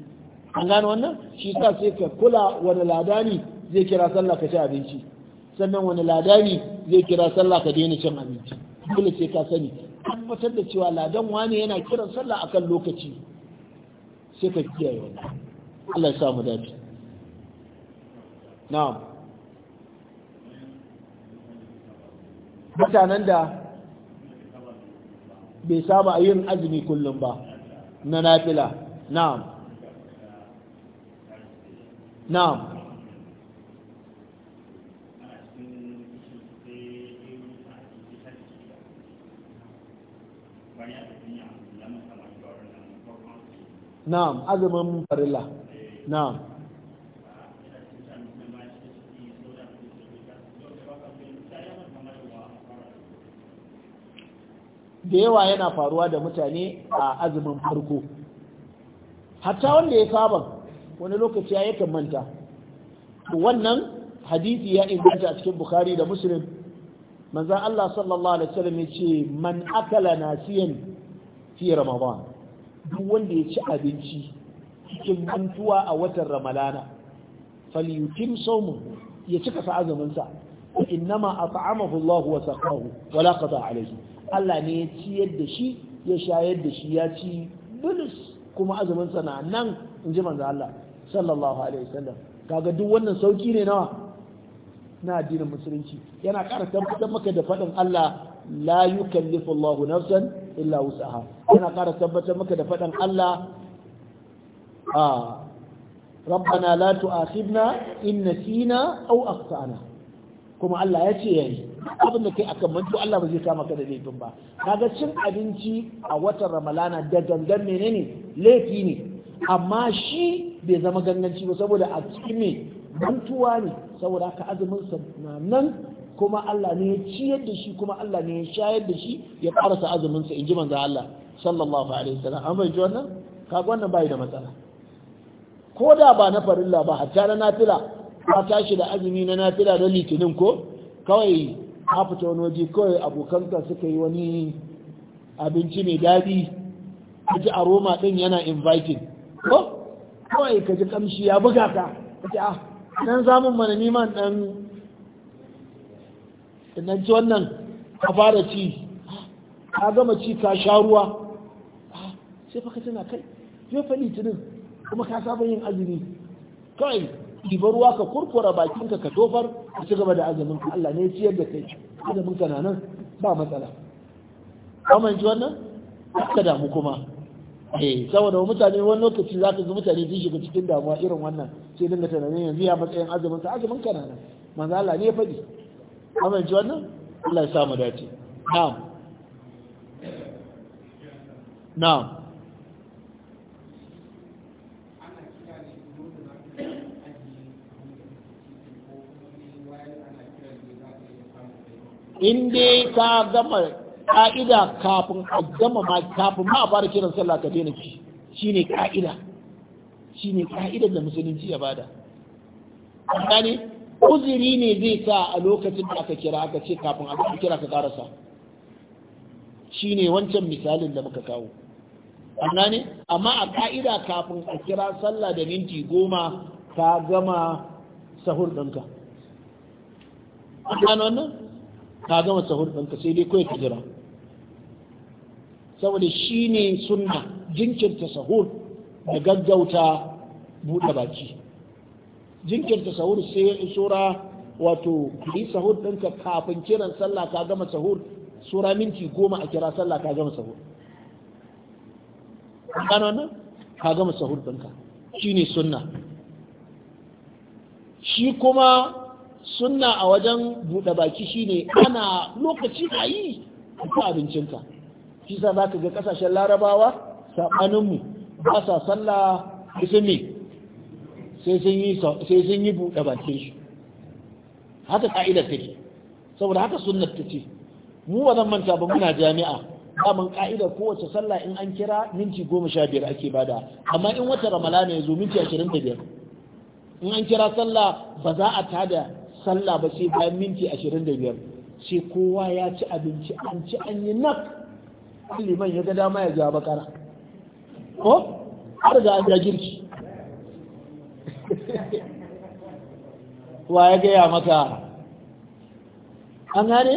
an gano wannan shi sa sai ka kula wani ladani zai kira sallah ka ci abinci sannan wani ladani zai kira sallah ka daina cin abinci dole sai ka sani tabbatar da cewa ladan wani yana kiran sallah akan lokaci sai ka kiyaye wannan Allah ya samu dace na'am mutanen da bai saba a yin azumi kullum ba na nafila na'am na'am na'am azumin farilla na'am da yawa yana faruwa da mutane a azumin farko hatta wanda ya saba wani lokaci ya yakan manta wannan hadisi ya inganta a cikin bukhari da muslim manzan Allah sallallahu alaihi wasallam ya ce man akala nasiyan fi ramadan duk wanda ya ci abinci cikin mantuwa a watan Ramadana, falyutim sawmu ya cika sa azumin sa innama at'amahu Allah wa saqahu wala qada alayhi Allah ne ya ciyar da shi ya shayar da shi ya ci bulus kuma azumin sana nan in ji manzo Allah sallallahu alaihi wasallam kaga duk wannan sauki ne nawa na addinin musulunci yana ƙara tabbatar maka da faɗin Allah la yukallifu Allahu nafsan illa wusaha yana ƙara tabbatar maka da faɗin Allah a rabbana la tu'akhidna in nasina aw akhtana kuma Allah ya ce yayi abin da kai akan manto Allah ba zai kama ka da laifin ba kaga cin abinci a watan ramalana da gangan menene laifi ne amma shi bai zama ganganci ba saboda a cikin me mantuwa ne saboda haka azumin sa nan kuma Allah ne ya ciyar da shi kuma Allah ne ya shayar da shi ya karasa azumin sa inji manzo Allah sallallahu alaihi wasallam an ji wannan kaga wannan bai da matsala ko da ba na farilla ba hatta na nafila ba tashi da azumi na nafila da litinin ko kawai a wani waje kawai abokanka suka yi wani abinci mai daɗi a ji aroma ɗin yana inviting ko kawai ka ji kamshi ya buga ka ka ce ah nan zamun mana neman ɗan nan wannan a fara ci ka gama ci ka sha ruwa ah, sai fa ka tana kai yau faɗi tunin, kuma ka saba yin azumi kawai ɗiba ruwa ka kurkura bakinka ka tofar ka ci gaba da azumin ka Allah ne ciyar da kai azumin ka nan ba matsala kamar ji wannan ka damu kuma eh saboda mutane wani lokaci zaka ga mutane sun shiga cikin damuwa irin wannan sai dinga tunanin yanzu ya matsayin azumin ka. azumin ka na nan manzo Allah ne ya faɗi kamar ji wannan Allah ya sa mu dace na'am na'am in dai ka gama ka'ida kafin a gama ma kafin ma a fara kiran sallah ka daina ci ne ka'ida ne ka'idar da musulunci ya bada gane uzuri ne zai sa a lokacin da aka kira aka ce kafin a kira ka karasa shine wancan misalin da muka kawo amma ne amma a ka'ida kafin a kira sallah da minti goma ka gama sahur ɗinka an wannan ka gama sahur ɗinka sai dai kawai ka jira saboda shi ne suna jinkirta sahur da gaggauta buɗe baki jinkirta sahur sai sura wato yi sahur ɗinka kafin kiran sallah ka gama sahur sura minti goma a kira sallah ka gama sahur nan ka gama sahur ɗinka shi ne sunna shi kuma sunna a wajen buɗe baki shine ana lokaci a yi ka abincinka shi sa za ka ga ƙasashen larabawa saɓaninmu ba sa sallah isimi sai sun yi buɗe bakin shi haka ka'idar take saboda haka sunna ta ce mu ba zan manta ba muna jami'a daman ka'idar kowace sallah in an kira minti goma sha biyar ake bada amma in wata ramalana ya zo minti ashirin da biyar in an kira sallah ba za a tada sallah ba sai bayan minti ashirin da biyar sai kowa ya ci abinci an ci an yi nak liman ya ga dama ya ja bakara ko har ga an girki wa ya gaya maka an gane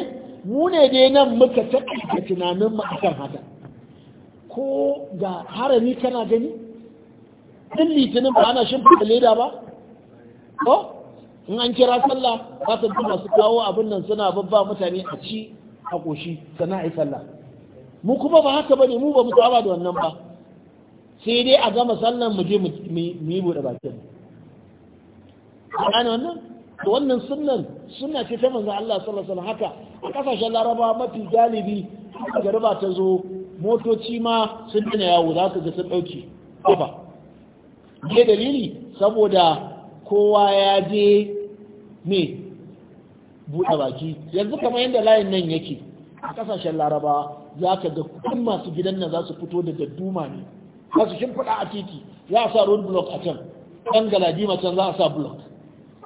mu ne dai nan muka taƙaita tunanin mu akan haka ko ga harami kana gani ɗin litinin ba ana shimfiɗa leda ba ko in an kira sallah za su bi masu kawo abin nan suna babba mutane a ci a ƙoshi sana a yi sallah mu kuma ba haka bane mu ba mu saba da wannan ba sai dai a gama sallan mu je mu yi buɗe bakin ana wannan to wannan sunnan sunna ce ta manzan Allah sallallahu alaihi haka a kasashen larabawa mafi galibi gariba ta zo motoci ma sun dina yawo za ka ga sun dauki ba ne dalili saboda kowa ya je me buɗe baki yanzu kamar yadda layin nan yake a ƙasashen larabawa za ka ga kuɗin masu gidan nan za su fito daga duma ne za su shimfiɗa a titi za a sa road block a can ɗan galadima can za a sa block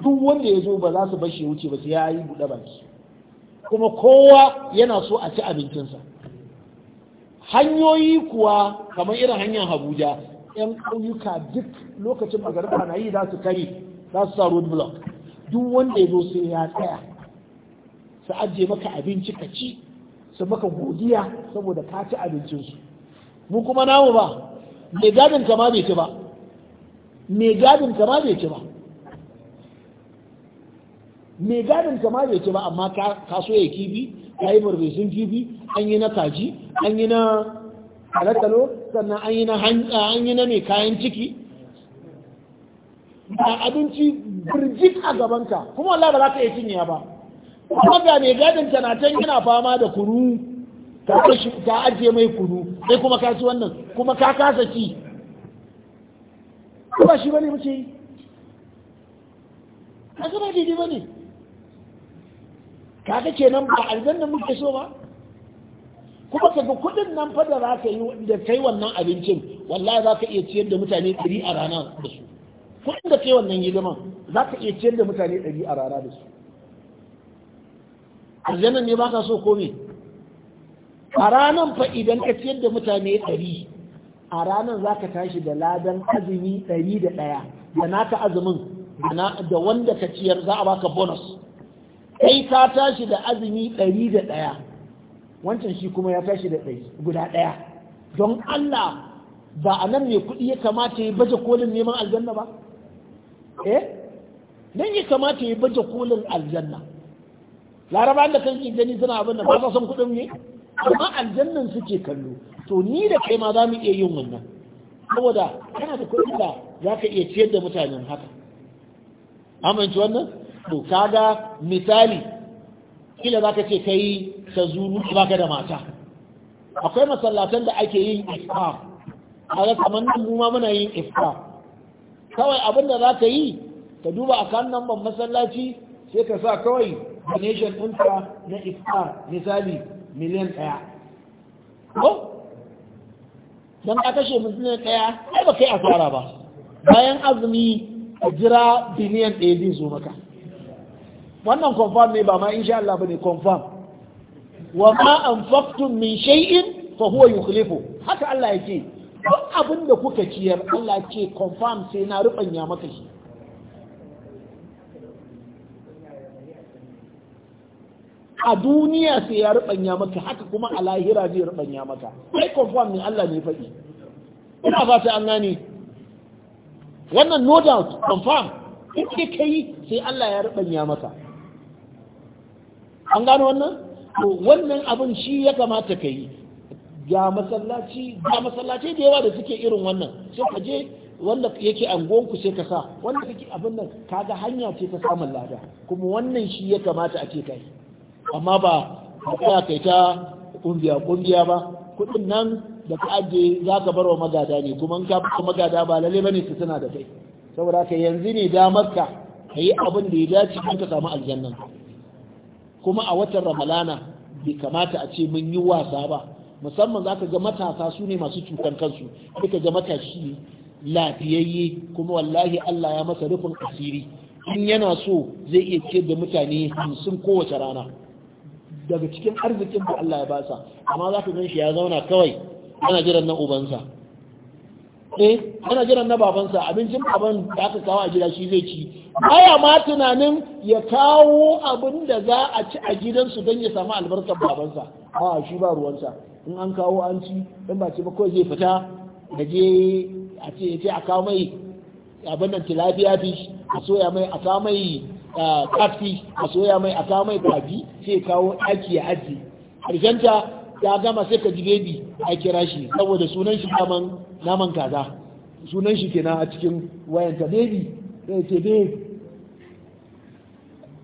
duk wanda ya zo ba za su bashi wuce ba sai ya yi buɗe baki kuma kowa yana so a ci abincinsa hanyoyi kuwa kamar irin hanyar Habuja, 'yan ƙauyuka duk lokacin magarba na yi za su kare za su sa road block duk wanda ya zo sai ya tsaya su ajiye maka abinci ka ci su maka godiya saboda ka ci abincinsu mu kuma namu ba mai gadin ma bai ci ba mai gadin ma bai ci ba mai gadin ma bai ci ba amma ka so ya kibi ya yi barbesun kibi an yi na kaji an yi na halattalo sannan an yi na mai kayan ciki ba abinci birjik a gabanka kuma Allah ba za ka iya cinye ba kuma ga mai gadin ta na can yana fama da kuru ka ajiye mai kuru sai kuma ka ci wannan kuma ka kasa ci ba shi bane muke yi a gaba daidai bane kaga kenan ba aljanna muke so ba kuma ka ga kudin nan fa da za ka yi da kai wannan abincin wallahi za ka iya ciyar da mutane ɗari a rana da su kuɗin da kai wannan hidiman za ka iya ciyar da mutane ɗari a rana da su aljannan ne ba ka so kome a ranan fa idan ka ciyar da mutane ɗari a ranar za ka tashi da ladan azumi ɗari da ɗaya da naka azumin da wanda ka ciyar za a baka bonus kai ka tashi da azumi ɗari da ɗaya wancan shi kuma ya tashi da ɗari guda ɗaya don Allah ba a nan ne kuɗi ya kamata ya baje kolin neman aljanna ba eh nan ya kamata ya baje kolin aljanna laraba da kan gani suna abin da ba sa son kuɗin ne amma aljannan suke kallo to ni da kai ma za mu iya yin wannan saboda kana da kuɗin da za ka iya ciyar da mutanen haka amince wannan to kaga misali kila za ka ce kai ta zuru baka da mata akwai masallatan da ake yin a ga kamar nan mu ma muna yin ifa kawai abin da za ka yi ka duba a kan namban masallaci sai ka sa kawai donation ɗinka na iftar misali miliyan ɗaya ko don ka kashe miliyan ɗaya ai ba kai asara ba bayan azumi a jira biliyan ɗaya zai zo maka wannan confirm ne ba ma insha Allah bane confirm wa ma anfaqtum min shay'in fa huwa yukhlifu haka Allah yake duk abin da kuka ciyar Allah ce confirm sai na rubanya maka shi a duniya sai ya rubanya maka haka kuma a lahira zai rubanya maka sai confirm ne Allah ne faɗi ina fata an gane wannan no doubt confirm in ke kai sai Allah ya rubanya maka an gano wannan wannan abin shi ya kamata ka yi ga masallaci ga masallaci da yawa da suke irin wannan sai ka je wanda yake ku sai ka sa wanda kake abin nan kaga hanya ce ta samun lada kuma wannan shi ya kamata a ce kai amma ba ka kai ta kungiya kungiya ba kudin nan da ka aje za ka bar wa magada ne kuma ka ba magada ba lalle bane su suna da kai saboda ka yanzu ne damar ka kai abin da ya dace kan ka samu aljannan kuma a watan ramalana bai kamata a ce mun yi wasa ba musamman za ka ga matasa su ne masu cutan kansu duka ga matashi lafiyayye kuma wallahi Allah ya masa rufin asiri in yana so zai iya ce da mutane hamsin kowace rana daga cikin arzikin da Allah ya basa amma za ka gan shi ya zauna kawai yana jiran na ubansa eh yana jiran na babansa abincin baban da aka kawo a gida shi zai ci baya ma tunanin ya kawo abin da za a ci a gidansu don ya samu albarkar babansa a shi ba ruwansa in an kawo an ci in ba ce ba kawai zai fita da je a ce ya ce a kawo mai abin nan tilafiya fi a soya mai a kawo mai catfish a soya mai a kawo mai kwaji sai kawo aiki ya aji harshenta ya gama sai ka ji bebi a kira shi saboda sunan shi naman kaza sunan shi kenan a cikin wayanta bebi sai ce bebi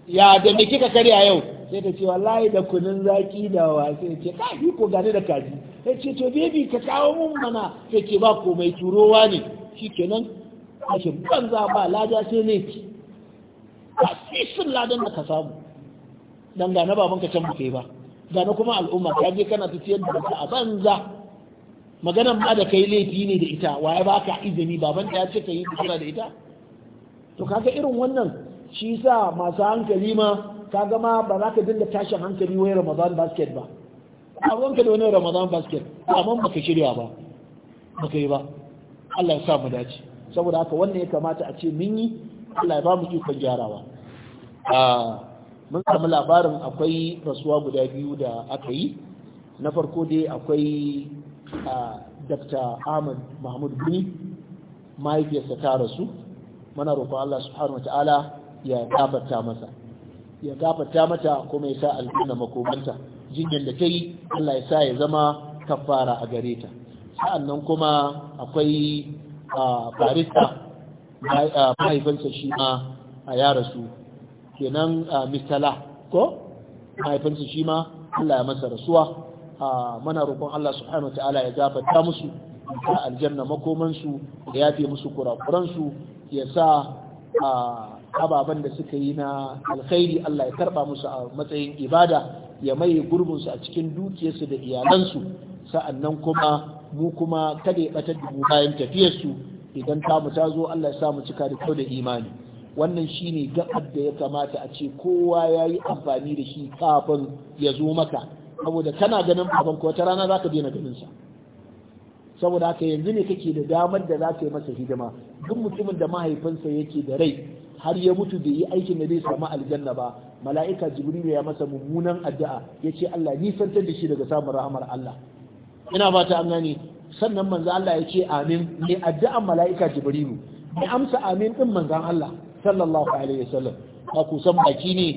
ya da me kika karya yau sai ta ce layi da kunun zaki da wa sai ce ka yi ko gane da kaji sai ce to bebi ka kawo mun mana sai ce ba mai turowa ne shikenan ban banza ba lada sai ne ki ba sisin ladan da ka samu dan gane babanka can ba kai ba gane kuma al'umma ka je kana ciyar da ka a banza maganan ma da kai laifi ne da ita waye baka izini baban ya ce ka yi da ita to kaga irin wannan shi sa masu hankali ma ka gama ba za ka dinga tashin hankali wai ramadan basket ba a wanka da wani ramadan basket amma ka shirya ba Ba ka yi ba Allah ya sa mu dace saboda haka wannan ya kamata a ce mun yi Allah ya ba mu ikon gyarawa mun samu labarin akwai rasuwa guda biyu da aka yi na farko dai akwai dr ahmad mahmud buni mahaifiyarsa ta rasu mana roƙon Allah subhanahu wa ta'ala ya tabbata masa ya gafarta mata kuma ya sa aljanna makomanta jinyar da ta yi Allah ya sa ya zama kafara a gare ta sa'annan kuma akwai barista mahaifinsa shi ma a yara su kenan mistala ko mahaifinsa shi ma Allah ya masa rasuwa mana roƙon Allah subhanahu ta'ala ya gafarta musu ta aljanna makomansu ya yafe musu kurakuransu ya sa ababen da suka yi na alkhairi Allah ya karba musu a matsayin ibada ya maye su a cikin dukiyarsu da iyalansu sa'annan kuma mu kuma kada ya batar da mu bayan tafiyarsu idan ta ta zo Allah ya sa mu cika da kyau da imani wannan shine gabar da ya kamata a ce kowa ya yi amfani da shi kafin ya zo maka saboda kana ganin baban ko wata rana za ka daina ganin sa saboda haka yanzu ne kake da damar da za ka yi masa hidima duk mutumin da mahaifinsa yake da rai har ya mutu bai yi aikin da zai samu aljanna ba mala'ika jibril ya masa mummunan addu'a yace Allah ni nisantar da shi daga samun rahamar Allah ina fata an gane sannan manzo Allah ya ce amin ne addu'an mala'ika jibrilu ne amsa amin din manzon Allah sallallahu alaihi wasallam ba ku san baki ne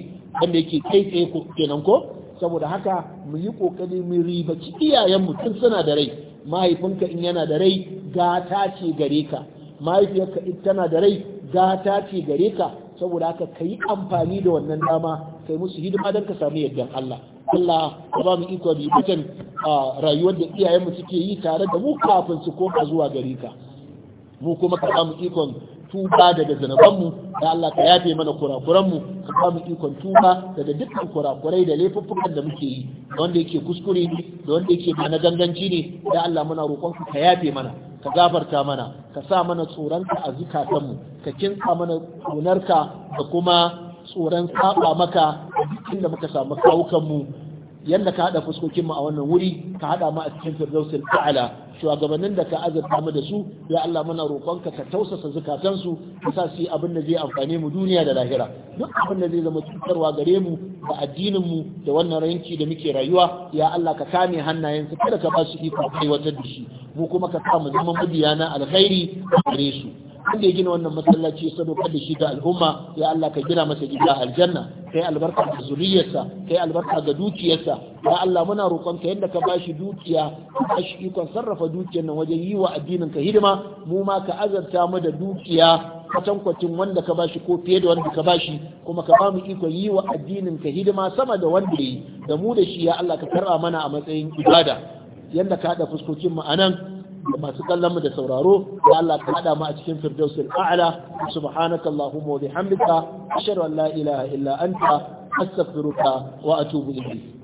wanda yake kai tsaye ko kenan ko saboda haka mu yi kokari mu riba iyayen mu tun suna da rai mahaifinka in yana da rai gata ce gare ka mahaifiyarka in tana da rai gata ce gare ka saboda haka ka yi amfani da wannan dama kai musu hidima don ka samu yadda Allah Allah ya ba mu iko bi bitan rayuwar da iyayenmu suke yi tare da mu kafin su koma zuwa gare ka mu kuma ka ba mu ikon tuba daga zanabanmu da Allah ka yafe mana kurakuranmu ka ba mu ikon tuba daga dukkan kurakurai da laifuffukan da muke yi da wanda yake kuskure ne da wanda yake ba ganganci ne da Allah muna roƙon ka yafe mana ka gafarta mana ka sa mana tsoronka a zukatanmu ka kinsa mana tsonarka da kuma tsoron saba maka duk da muka samu kawukanmu yadda ka haɗa fuskokin mu a wannan wuri ka haɗa mu a cikin firdausul a'la shugabannin da ka azurta mu da su ya Allah muna roƙonka ka tausasa zukatan su ka sa su abin da zai amfane mu duniya da lahira duk abin da zai zama cutarwa gare mu da addinin mu da wannan ranki da muke rayuwa ya Allah ka kame hannayen su kada ka ba su iko kai wata dishi mu kuma ka sa mu zama mabiya na alkhairi gare su wanda ya gina wannan masallaci ya sadaukar da shi ga al'umma ya Allah ka gina masa gida aljanna kai albarka ga zuriyarsa kai albarka ga dukiyarsa ya Allah muna roƙon ka yadda ka bashi dukiya ka bashi ikon sarrafa dukiyar nan wajen yi wa addinin ka hidima mu ma ka azarta mu da dukiya kwatankwacin wanda ka bashi ko fiye da wanda ka bashi kuma ka bamu ikon yi wa addinin ka hidima sama da wanda yi da mu da shi ya Allah ka karba mana a matsayin ibada yadda ka haɗa fuskokin mu anan da masu kallon mu da sauraro ya Allah ka hada mu a cikin firdausul a'la subhanaka allahumma wa bihamdika ashhadu an la ilaha illa anta astaghfiruka wa atubu ilayk